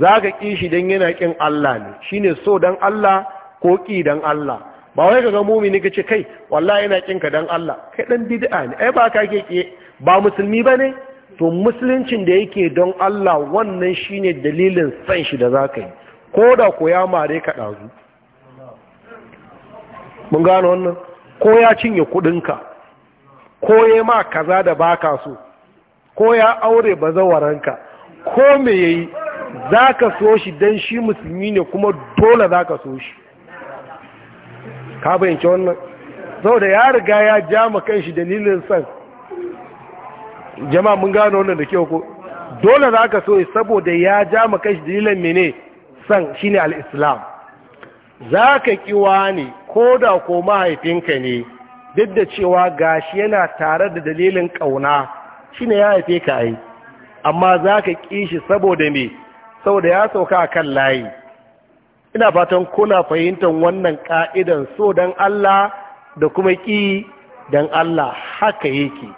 za ka ƙi shi don yana ƙin Allah ne shi ne so don Allah ko ƙi don Allah ba wai ga mumini ka ce kai wallah yana ƙin ka don Allah kai ɗan bid'a ne ai ba ka ke ƙi ba musulmi ba ne to musuluncin da yake don Allah wannan shi ne dalilin san shi da za ka yi ko da ko ya mare ka ɗazu mun gano wannan ko ya cinye kuɗinka ko ya ma kaza da baka so ko ya aure bazawaranka ko me yayi za ka so shi don shi musulmi ne kuma dole za ka so shi ka ce wannan sau da ya riga ya ja makan shi dalilin san jama'a mun gano wannan da kyau ko dole za ka so saboda ya ja makan shi dalilin mene san shine al'islam za ka kiwa ne ko da ko mahaifinka ne duk da cewa gashi yana tare da dalilin ƙauna shine ya haife ka yi amma za ka ƙi shi saboda me saboda ya sauka a kan layi ina fatan kuna fahimtar wannan ka'idan so don Allah da kuma ƙi don Allah haka yake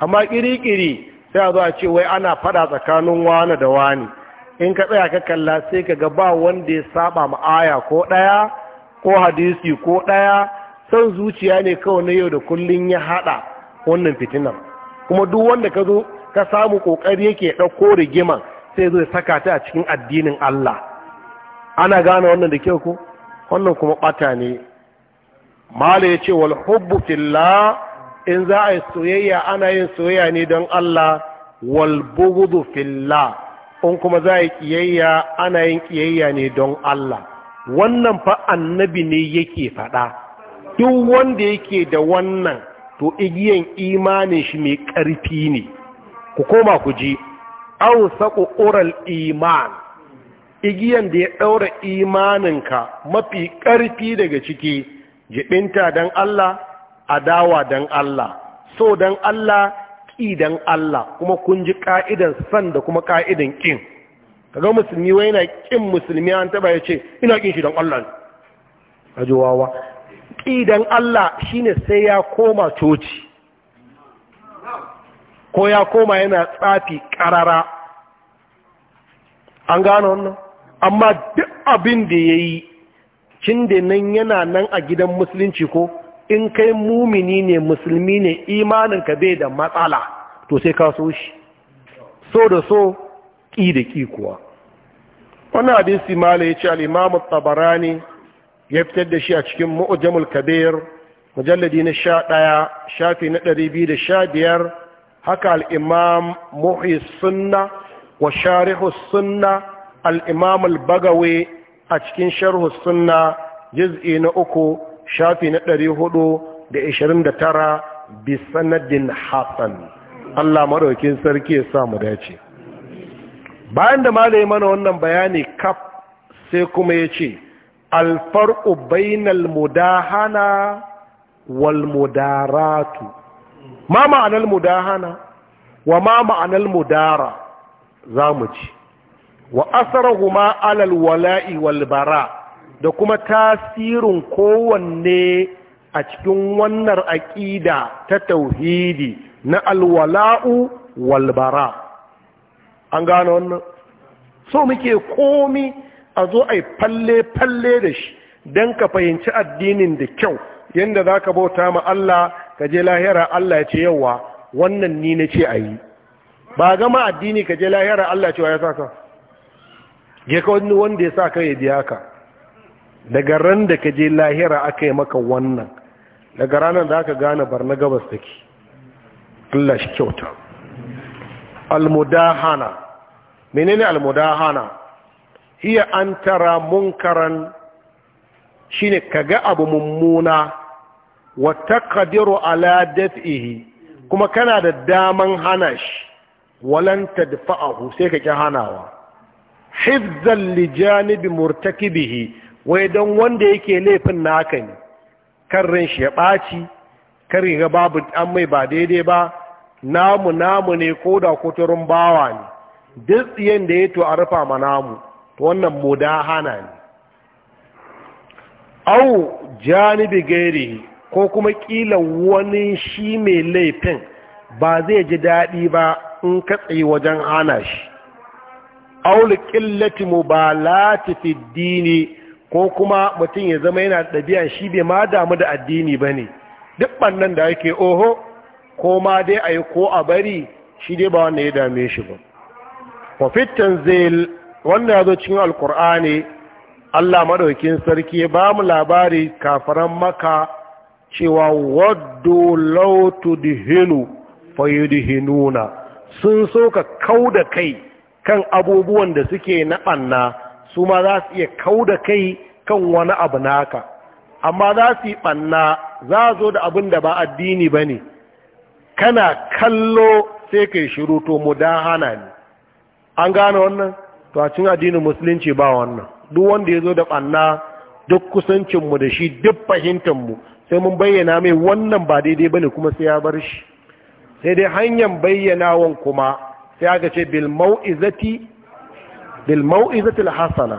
amma ƙiri-ƙiri sai a zo a ce wai ana fada tsakanin wani da wani in ka tsaya ka kalla sai ka ga ba wanda ya saba ma'aya ko ɗaya ko hadisi ko ɗaya son zuciya ne kawai na yau da kullun ya haɗa wannan fitinan kuma duk wanda ka zo ka samu ƙoƙari yake ɗauko rigiman sai zai ya saka ta a cikin addinin Allah ana gane wannan da kyau ko wannan kuma bata ne mala yace wal hubbu fillah in za a yi soyayya ana yin soyayya ne don Allah wal bughdu fillah in kuma za a yi kiyayya ana yin kiyayya ne don Allah wannan fa annabi ne yake faɗa duk wanda yake da wannan to igiyan imanin shi mai ƙarfi ne ku koma ku ji au saƙo iman igiyan da ya ɗaura imaninka mafi ƙarfi daga ciki jibinta don Allah adawa don Allah so don Allah ƙi don Allah kuma kun ji ƙa'idan san da kuma ƙa'idan ƙin kaga musulmi wai yana ƙin musulmi an taɓa ya ce ina ƙin shi don Allah ne a wawa ƙi don Allah shine sai ya koma coci ko ya koma yana tsafi ƙarara an gano wannan amma duk abin da ya yi cin da nan yana nan a gidan musulunci ko in kai mumini ne musulmi ne imaninka bai da matsala to sai ka so shi so da so ƙi da ƙi kuwa wannan abin simala ya ce al'imamu ne ya fitar da shi a cikin mu'ujamul kabir mujalladi na sha ɗaya shafi na ɗari biyu da sha biyar haka al'imam muhi sunna wa sharihu sunna al'imam al-bagawe a cikin sharhu sunna jiz'i na uku shafi na ɗari hudu da ishirin da tara bi sanadin hassan allah maɗaukin sarki ya samu dace bayan da yi mana wannan bayani kaf sai kuma ya ce alfar'u bainal mudahana wal mudaratu ma ma'anar mudahana wa ma ma'anar mudara za mu ci wa asarahu ma alal wala'i wal bara da kuma tasirin kowanne a cikin wannan aƙida ta tauhidi na alwala'u wal bara an gano wannan so muke komi a zo a yi falle-falle da shi don ka fahimci addinin da kyau yadda za ka bauta ma Allah ka je lahira Allah ya ce yawa wannan ni na ce a yi ba gama addini ka je lahira Allah ya wa ya saka je ka wani wanda ya sa kai ya biya ka daga ran da ka je lahira aka yi maka wannan daga ranar da aka gane barna gabas take Allah shi kyauta almudahana menene almudahana hiya an tara munkaran shine kaga abu mummuna wa taqdiru ala daf'ihi kuma kana da daman hana shi walan tadfa'ahu sai ka ki hanawa hifzan li janibi murtakibihi wai don wanda yake laifin naka ne kan ran shi ya ɓaci kan riga babu an mai ba daidai ba namu namu ne ko da kuturin bawa ne duk tsiyan da ya to a rufa ma namu to wannan mudahana ne au janibi gairihi ko kuma kila wani shi mai laifin ba zai ji daɗi ba in katse wajen hana shi aulu ƙillati mu fi dini ko kuma mutum ya zama yana ɗabi'a shi bai ma damu da addini ba ne duk ɓannan da yake oho ko ma dai a yi ko a bari shi dai ba wanda ya dame shi ba wafitan zai wannan ya zo cikin alkur'ani allah maɗaukin sarki ba mu labari kafaran maka cewa waddu law tudhinu fayudhinuna sun so ka kauda kai kan abubuwan da suke na ɓanna su ma za su iya kauda kai kan wani abu naka amma za su yi ɓanna za zo da abin da ba addini ba ne kana kallo sai kai shiru to mu da hana ne an gane wannan to a cin addinin musulunci ba wannan duk wanda ya zo da ɓanna duk kusancinmu da shi duk mu. sai mun bayyana mai wannan ba daidai bane kuma sai ya bar shi sai dai hanyar bayyanawan kuma sai aka ce bil mau'izati bil mau'izatil hasana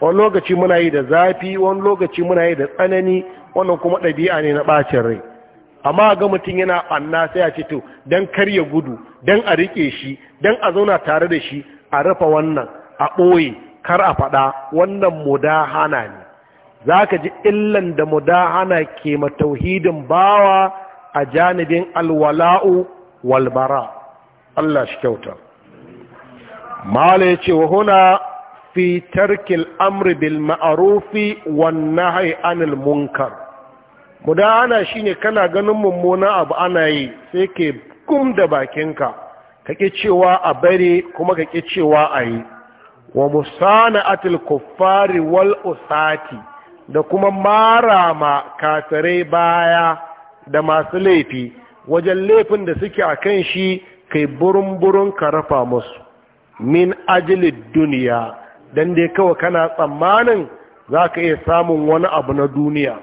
wani lokaci muna yi da zafi wani lokaci muna yi da tsanani wannan kuma ɗabi'a ne na ɓacin rai amma ga mutum yana ɓanna sai a ce to don karya gudu don a riƙe shi don a zauna tare da shi a rufe wannan a ɓoye kar a faɗa wannan mudahana ne za ka ji illan da mudahana ke matauhidin bawa a janibin alwala'u walbara Allah shi kyauta mala ya ce wa huna fi tarkil amri bil ma'arufi wan hai anil munkar mudahana shine kana ganin mummuna abu ana yi sai ke kum da bakinka ka ƙi cewa a bari kuma ka ƙi cewa a yi wa musana atil kuffari wal usati da kuma mara ma kafirai baya da masu laifi wajen laifin da suke a kan shi kai burin-burin ka rafa musu min ajilid duniya don dai kawai kana tsammanin za ka iya samun wani abu na duniya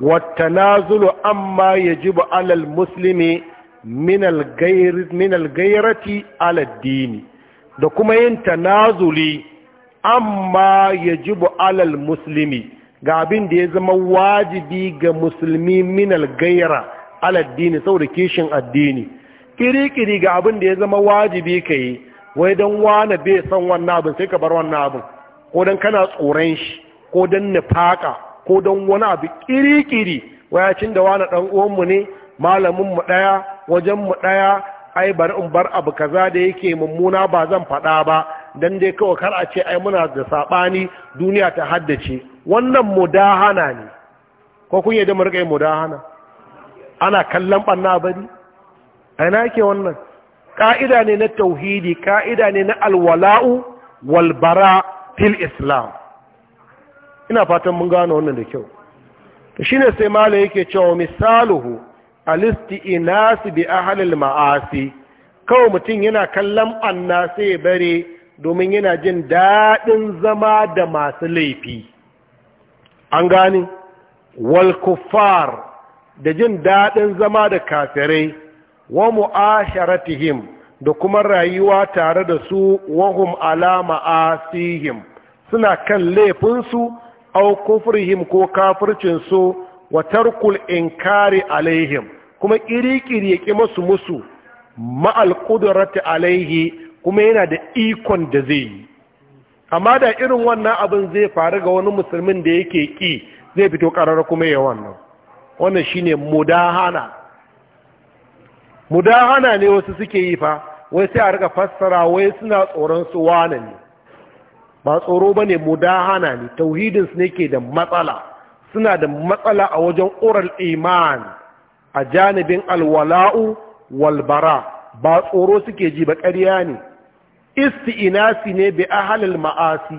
wata nazulu amma ya ji alal musulmi min algairati aladdini da kuma yin tanazuli amma ya yajibu alal musulmi ga abin da ya zama wajibi ga musulmi minal gaira aladdini saboda kishin addini kiri-kiri ga abin da ya zama wajibi ka yi wai don wane bai san wannan abin sai ka bar wannan abin ko don kana tsoron shi ko don nufaka ko don wani abu kiri-kiri wayacin da wane ɗan uwanmu ne malamin mu ɗaya mu ɗaya ai bari in bar abu kaza da yake mummuna ba zan faɗa ba dan dai kawai kar a ce ai muna da sabani duniya ta haddace wannan mudahana ne ko kun yadda mu rika yin mudahana ana kallon banna bari ina yake wannan ka'ida ne na tauhidi ka'ida ne na alwala'u bara fil islam ina fatan mun gano wannan da kyau shine sai malai yake cewa misaluhu inasi bi ahlil ma'asi kawai mutum yana kallon anna sai ya bare domin yana jin daɗin zama da masu laifi an gani wal kuffar da jin daɗin zama da kafirai wa mu'asharatihim da kuma rayuwa tare da su wahum ala ma'asihim suna kan laifinsu au kufrihim ko kafircinsu wa tarkul inkari alaihim kuma ƙiriƙiri ya ƙi masu musu ma'al ƙudurata alaihi kuma yana da ikon da zai yi amma da irin wannan abin zai faru ga wani musulmin da yake ƙi zai fito ƙarar kuma ya wannan wannan ne mudahana mudahana ne wasu suke yi fa wai sai a rika fassara wai suna tsoron su wane ne ba tsoro ba ne mudahana ne tauhidinsu ne ke da matsala suna da matsala a wajen oral imani a janibin alwala'u walbara ba tsoro suke ji ba ƙarya ne isti'inasi ne bi ahalil ma'asi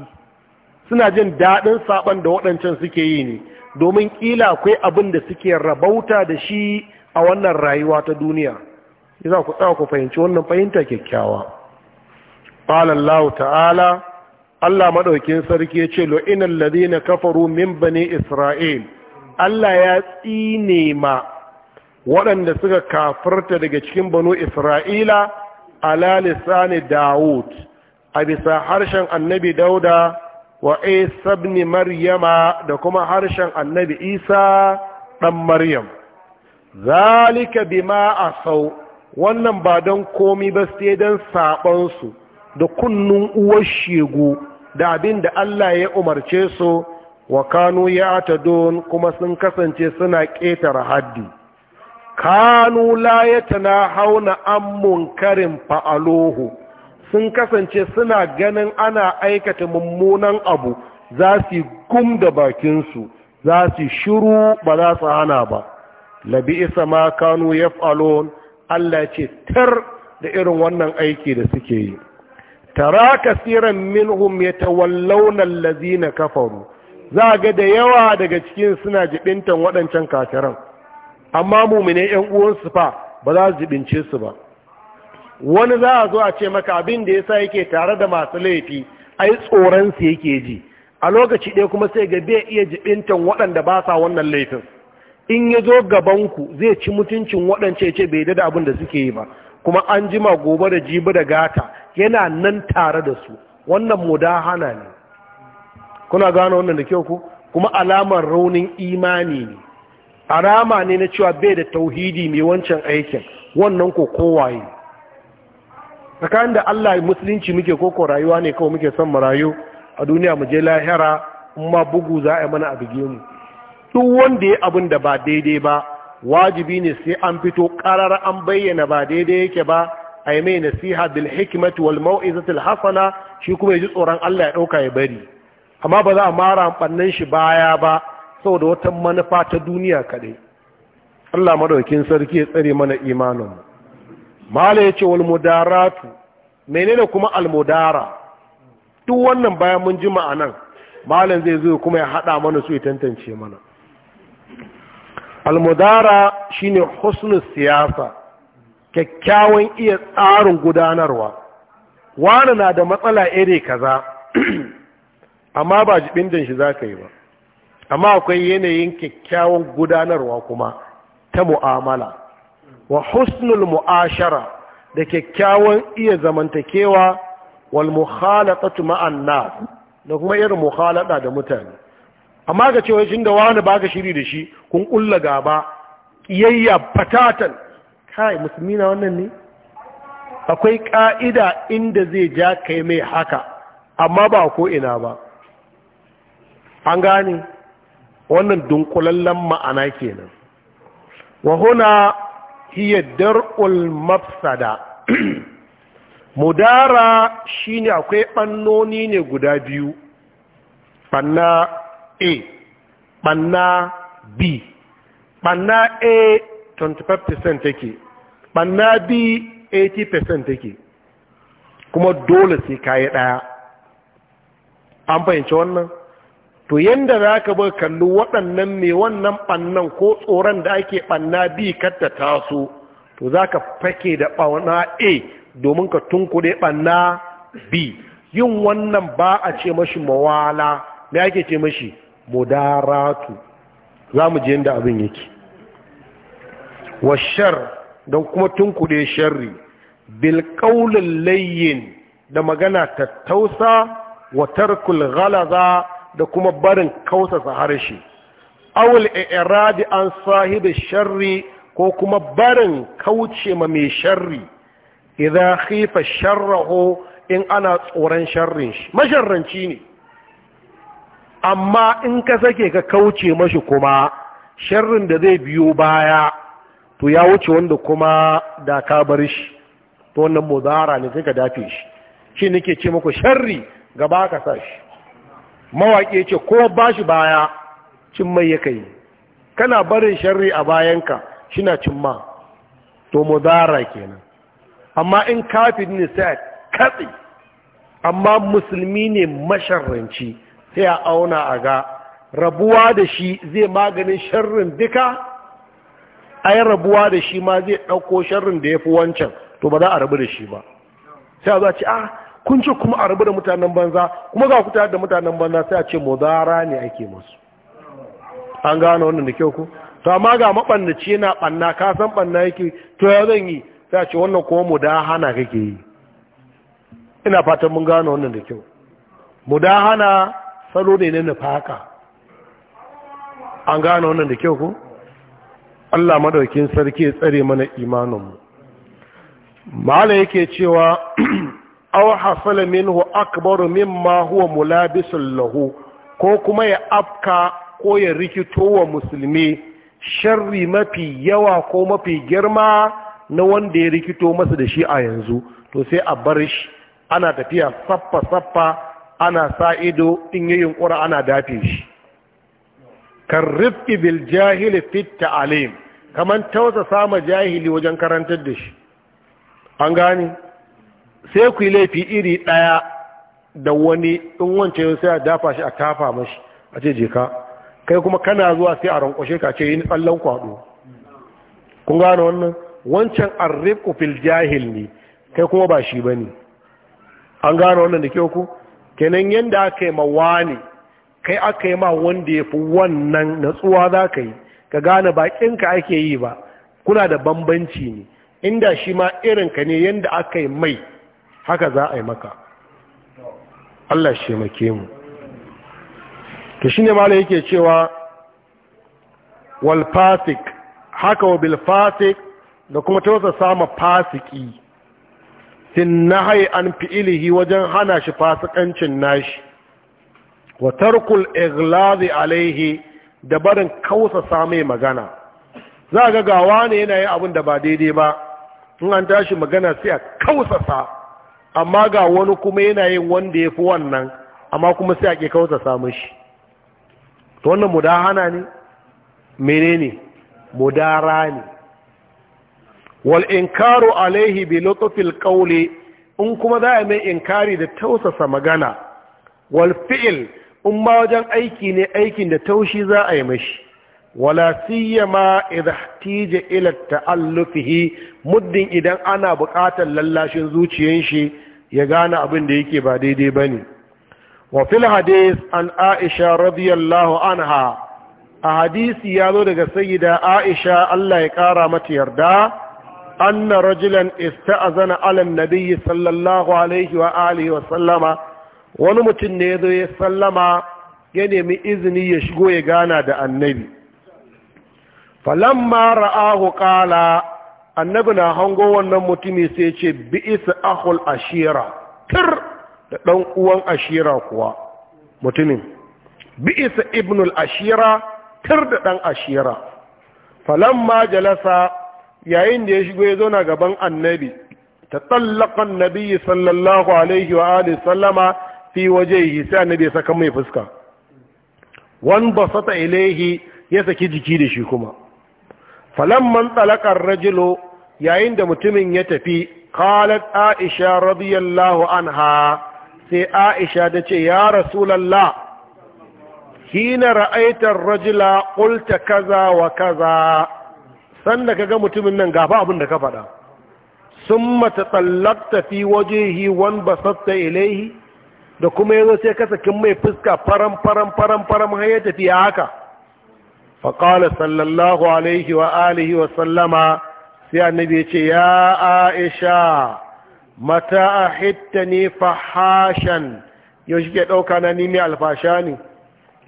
suna jin daɗin saɓan da waɗancan suke yi ne domin ƙila akwai abin da suke rabauta da shi a wannan rayuwa ta duniya za ku tsaya ku fahimci wannan fahimta kyakkyawa ƙalallahu ta'ala Allah maɗaukin sarki ya ce lo'inan ladina kafaru min bane isra'il Allah ya tsine ma waɗanda suka kafarta daga cikin banu isra'ila ala lisani dawud a bisa harshen annabi dauda wa isa ibn maryama da kuma harshen annabi isa ɗan maryam zalika a sau. wannan ba don komi ba sai don saɓonsu da kunnun uwar shegu da abin da Allah ya umarce su wa kanu ya don kuma sun kasance suna ƙetare haddi kanu la hauna an munkarin fa'aluhu sun kasance suna ganin ana aikata mummunan abu za su gum da bakinsu za su shiru ba za su hana ba labi isa ma kanu ya fa’alon allah ce tar da irin wannan aiki da suke yi tara kasiran minhum ya tawallaunan lazina kafaru za ga da yawa daga cikin suna jibintan waɗancan kafiran amma mumine yan uwansu fa ba za su jibince su ba wani za a zo a ce maka abin da ya sa yake tare da masu laifi ai tsoronsu su yake ji a lokaci ɗaya kuma sai ga bai iya jibintan waɗanda ba sa wannan laifin in ya zo gabanku zai ci mutuncin waɗance ce bai da abin da suke yi ba kuma an ma gobe da jibi da gata yana nan tare da su wannan mudahana ne kuna gano wannan da kyau ku kuma alamar raunin imani ne Arama ne na cewa bai da tauhidi mai wancan aikin wannan ko kowaye tsakanin da Allah musulunci muke koko rayuwa ne kawai muke son marayu a duniya mu je lahira in bugu za a yi mana a bige mu duk wanda ya abin da ba daidai ba wajibi ne sai an fito karar an bayyana ba daidai yake ba a yi mai nasiha bil hikmatu wal mau'izatul hasana shi kuma ya ji tsoron Allah ya dauka ya bari amma ba za a mara bannan shi baya ba saboda wata manufa ta duniya kaɗai. Allah madaukin sarki ya tsare mana imanin mala yace wal mudaratu menene kuma al mudara duk wannan bayan mun ji ma'anan malam zai zo kuma ya haɗa mana su ya tantance mana al mudara shine husnul siyasa kyakkyawan iya tsarin gudanarwa wani na da matsala iri kaza [clears throat] amma ba jibin shi za ka yi ba amma akwai yanayin kyakkyawan gudanarwa kuma ta mu'amala wa husnul mu'ashara da kyakkyawan iya zamantakewa wal mukhalatatu ma'an nas da kuma irin mukhalata da mutane amma ga cewa shin da wani baka shiri da shi kun kulla gaba kiyayya patatan kai musulmi na wannan ne akwai ka'ida inda zai ja kai mai haka amma ba ko ina ba an gane wannan dunkulallen ma'ana kenan wa huna hiya dar'ul mafsada [clears throat] mudara shine akwai bannoni ne guda biyu banna a banna b banna a 25% take banna b 80% take kuma dole sai kayi daya an fahimci wannan to yanda za ka bar kallo waɗannan mai wannan ɓannan ko tsoron da ake ɓanna bi katta taso to za ka fake da ɓauna a domin ka tunkure ɓanna b yin wannan ba a ce mashi mawala me ake ce mashi mudaratu za mu je yadda abin yake shar don kuma tunkure sharri bilƙaunin layyin da magana tattausa wa tarkul ghalaza da kuma barin kausasa harshe awul iradi an sahibi sharri ko kuma barin kauce ma mai sharri idan khifa sharrahu in ana tsoron sharrin shi masharranci ne amma in ka sake ka kauce mashi kuma sharrin da zai biyo baya to ya wuce wanda kuma da ka bar shi to wannan mudara ne sai ka dafe shi shi nake ce muku sharri gaba ka sa shi mawaƙi ya ce ko ba shi baya cin mai yaka yi kana barin sharri a bayanka shina cin ma to mudara kenan amma in kafin ne sai a katse amma musulmi ne masharranci sai a auna a ga rabuwa da shi zai maganin sharrin duka a yi rabuwa da shi ma zai ɗauko sharrin da ya fi wancan to ba za a rabu da shi ba sai a za ce ah kun ce kuma a rabu da mutanen banza kuma za ku tare da mutanen banza sai a ce mudara ne ake masu. an gano wannan da kyau ku to amma ga mabannaci yana banna ka san banna yake to ya zan yi sai a ce wannan kuma mudahana kake yi ina fatan mun gano wannan da kyau mudahana salo ne na nufaka an gano wannan da kyau ku Allah madaukin sarki ya tsare mana mu mala yake cewa [clears throat] aw hasala minhu akbaru mimma huwa mulabisul lahu ko kuma ya afka ko ya rikito wa musulmi sharri mafi yawa ko mafi girma na wanda ya rikito masa da shi a yanzu to sai a bar shi ana tafiya saffa saffa ana sa ido in yi yunkura ana dafe shi kan rifki bil jahili fit ta'alim kamar tausa sama jahili wajen karantar da shi an gane sai ku yi laifi iri ɗaya da wani in wancan sai a dafa shi a kafa mashi a ce je ka kai kuma kana zuwa sai a rankwashe ka ce yin tsallon kwaɗo kun gano wannan wancan arriku fil jahil ne kai kuma ba shi ba ne an gano wannan da kyau ku kenan yadda aka yi mawa ne kai aka yi ma wanda ya fi wannan natsuwa za ka yi ka gane bakin ka ake yi ba kuna da bambanci ne inda shi ma irinka ne yadda aka yi mai haka za a yi maka Allah shi make mu shi ne malai yake cewa walfasik haka wa bilfasik da kuma wasa sama fasiki sin nahai an fi'ilihi wajen hana shi fasikancin nashi wa tarkul iglazi alaihi da barin kausa same magana za ga gawa ne yana yi abin da ba daidai ba in an tashi magana sai a kausasa amma ga wani kuma yana yin wanda ya fi wannan amma kuma sai a ke ta samu shi to wannan mudahana ne mene menene mudara ne wal inkaru alaihi bi ƙaule, qawli in kuma za a mai inkari da tausasa magana wal fi'l in ma wajen aiki ne aikin da taushi za a yi mashi wala siyama idha ila ta'allufihi muddin idan ana buƙatar lallashin zuciyar shi ya gane abin da yake ba daidai bane wa fil hadith an aisha radiyallahu anha a hadisi ya zo daga sayyida aisha Allah ya kara mata yarda anna rajulan ista'zana ala nabiyyi sallallahu alaihi wa alihi wa sallama wani mutum ne yazo ya sallama ya nemi izini ya shigo ya gana da annabi falamma ra'ahu qala annabi na hango wannan mutumi sai ce bi'is akhul ashira tir da dan uwan ashira kuwa mutumin bi'is ibnul ashira tir da dan ashira falamma jalasa yayin da ya shigo ya zauna gaban annabi ta annabi sallallahu alaihi wa alihi sallama fi wajhihi sai annabi ya saka mai fuska wan basata ilaihi ya saki jiki da shi kuma falamman talakar rajilo yayin da mutumin ya tafi qalat aisha radiyallahu anha sai aisha da ce ya rasulullah hina ra'aitar rajila, qulta kaza wa kaza sanda kaga mutumin nan gafa abin da ka faɗa summa tatallaqta fi wajhihi wan basatta ilayhi da kuma yazo sai ka sakin mai fuska faran faran faran faran har ya tafi haka faƙala sallallahu alaihi wa alihi wa sallama sai annabi ya ce ya aisha mata a hitta ne fahashan yau shi ke ɗauka na nimi alfasha ne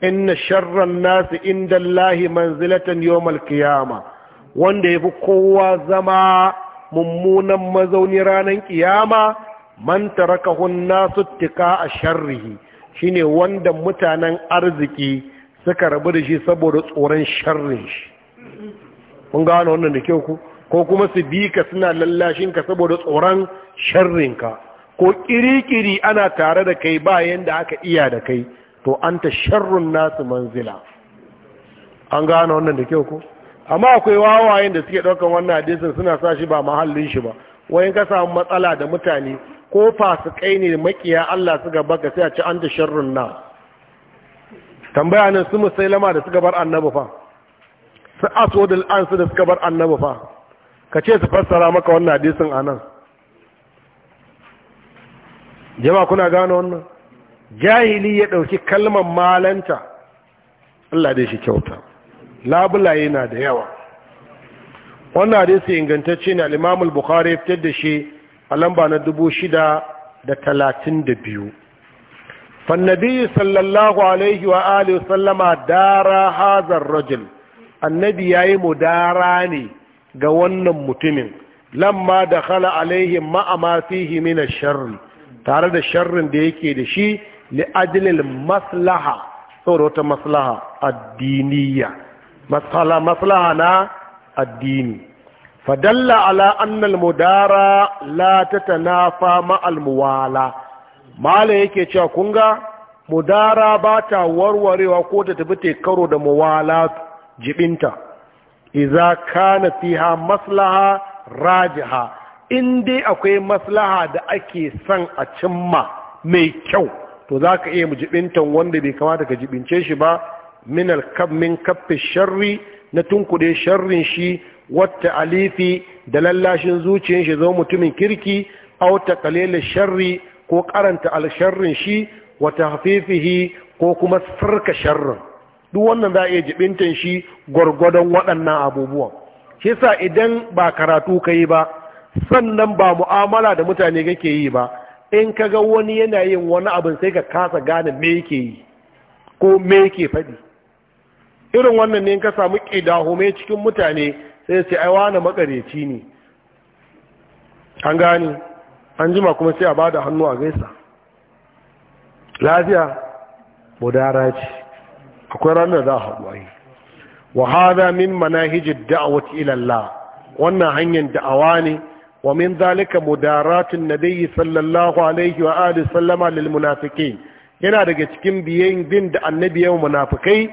inna sharran nasu inda Allahi manzilatan yawmal kiyama wanda ya fi kowa zama mummunan mazauni ranar kiyama manta raka nasu tika a sharrihi shine wanda mutanen arziki suka rabu da shi saboda tsoron sharrin shi kun gano wannan da kyau ku ko kuma su bi ka suna lallashin ka saboda tsoron sharrin ka. ko kirikiri ana tare da kai bayan da aka iya da kai to an ta sharrun nasu manzila an gano wannan da kyau ko amma akwai wawayen da suke ɗaukar wannan hadisin suna sa shi ba mahallin shi ba wayan ka samu matsala da mutane ko fasikai ne makiya Allah suka baka sai a ci an ta sharrun nasu tambaya nan su musailama da suka bar annabi fa su aswadul ansu da suka bar annabi fa ka ce su fassara maka wannan hadisin anan jama'a kuna gano wannan jahili ya dauki kalmar malanta Allah dai shi kyauta labulaye na da yawa wannan hadisi ingantacce ne al-Imam al-Bukhari ya fitar da shi a lamba na 632 فالنبي صلى الله عليه وآله وسلم دارا هذا الرجل النبي ياي مداراني ga wannan mutumin lamma da khala alaihim ma'ama fihi min ash-sharr tare da sharrin da yake da shi li ajlil maslaha saboda wata maslaha addiniya maslaha maslaha na addini fadalla ala anna al-mudara la tatanafa ma al-muwala mala yake cewa kun ga mudara ba ta warwarewa ko ta tafi karo da muwala jibinta iza kana fiha maslaha rajiha in dai akwai maslaha da ake son a cimma mai kyau to za ka iya mujibintan wanda bai kamata ka jibince shi ba min kaffe sharri na tunkuɗe sharrin shi wata alifi da lallashin zuciyar shi zama mutumin kirki au ta sharri ko karanta alsharrin shi wa tahfifihi ko kuma sarka sharrin duk wannan za a iya jibintan shi gwargwadon waɗannan abubuwan shi sa idan ba karatu ka yi ba sannan ba mu'amala da mutane kake yi ba in ka ga wani yana yin wani abin sai ka kasa gane me yake yi ko me yake faɗi irin wannan ne in ka samu mai cikin mutane sai sai ai wani makareci ne an gane an jima kuma sai a ba da hannu a gaisa lafiya mudara ce akwai ranar za a haɗu a yi wa hada min manahijin da'awati ilallah wannan hanyar da'awa ne wa min zalika mudaratun nabiyyi sallallahu alaihi wa alihi sallama lil yana daga cikin biyayin bin da annabi ya munafikai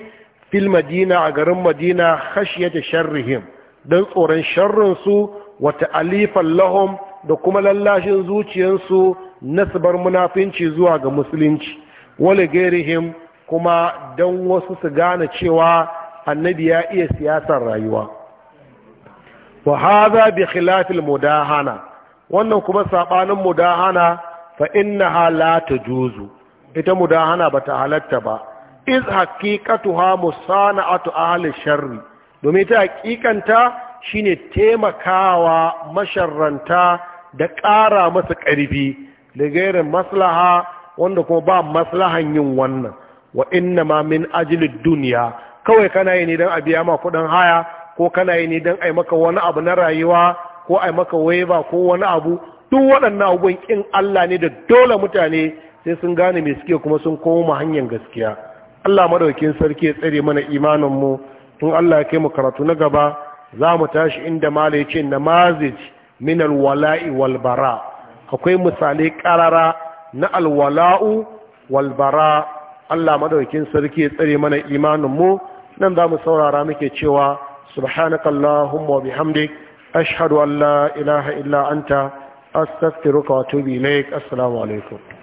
fil madina a garin madina khashiyata sharrihim dan tsoron sharrin su wa ta'alifan lahum da kuma lallashin zuciyarsu na bar munafinci zuwa ga musulunci wale gairihim kuma don wasu su gane cewa annabi ya iya siyasar rayuwa wa haza bi khilafil mudahana wannan kuma sabanin mudahana fa innaha la tajuzu ita mudahana bata halatta ba iz haqiqatuha musana'atu ahli sharri domin ta hakikanta shine taimakawa masharranta da ƙara masa ƙarfi da gairin maslaha wanda kuma ba maslahan yin wannan wa inna ma min ajilid duniya kawai kana yi ne don a biya ma kuɗin haya ko kana yi ne don a maka wani abu na rayuwa ko a maka waiba ko wani abu duk waɗannan abubuwan ƙin Allah ne da dole mutane sai sun gane mai suke kuma sun koma hanyar gaskiya Allah madaukin sarki ya tsare mana imanin mu tun Allah ya kai mu karatu na gaba za mu tashi inda mala ya ce namazij min alwala'i walbara akwai misalai karara na alwala'u walbara Allah madaukin sarki ya tsare mana imanin mu nan za mu saurara muke cewa subhanakallahumma wa bihamdik ashhadu an la ilaha illa anta astaghfiruka wa atubu ilaik assalamu alaikum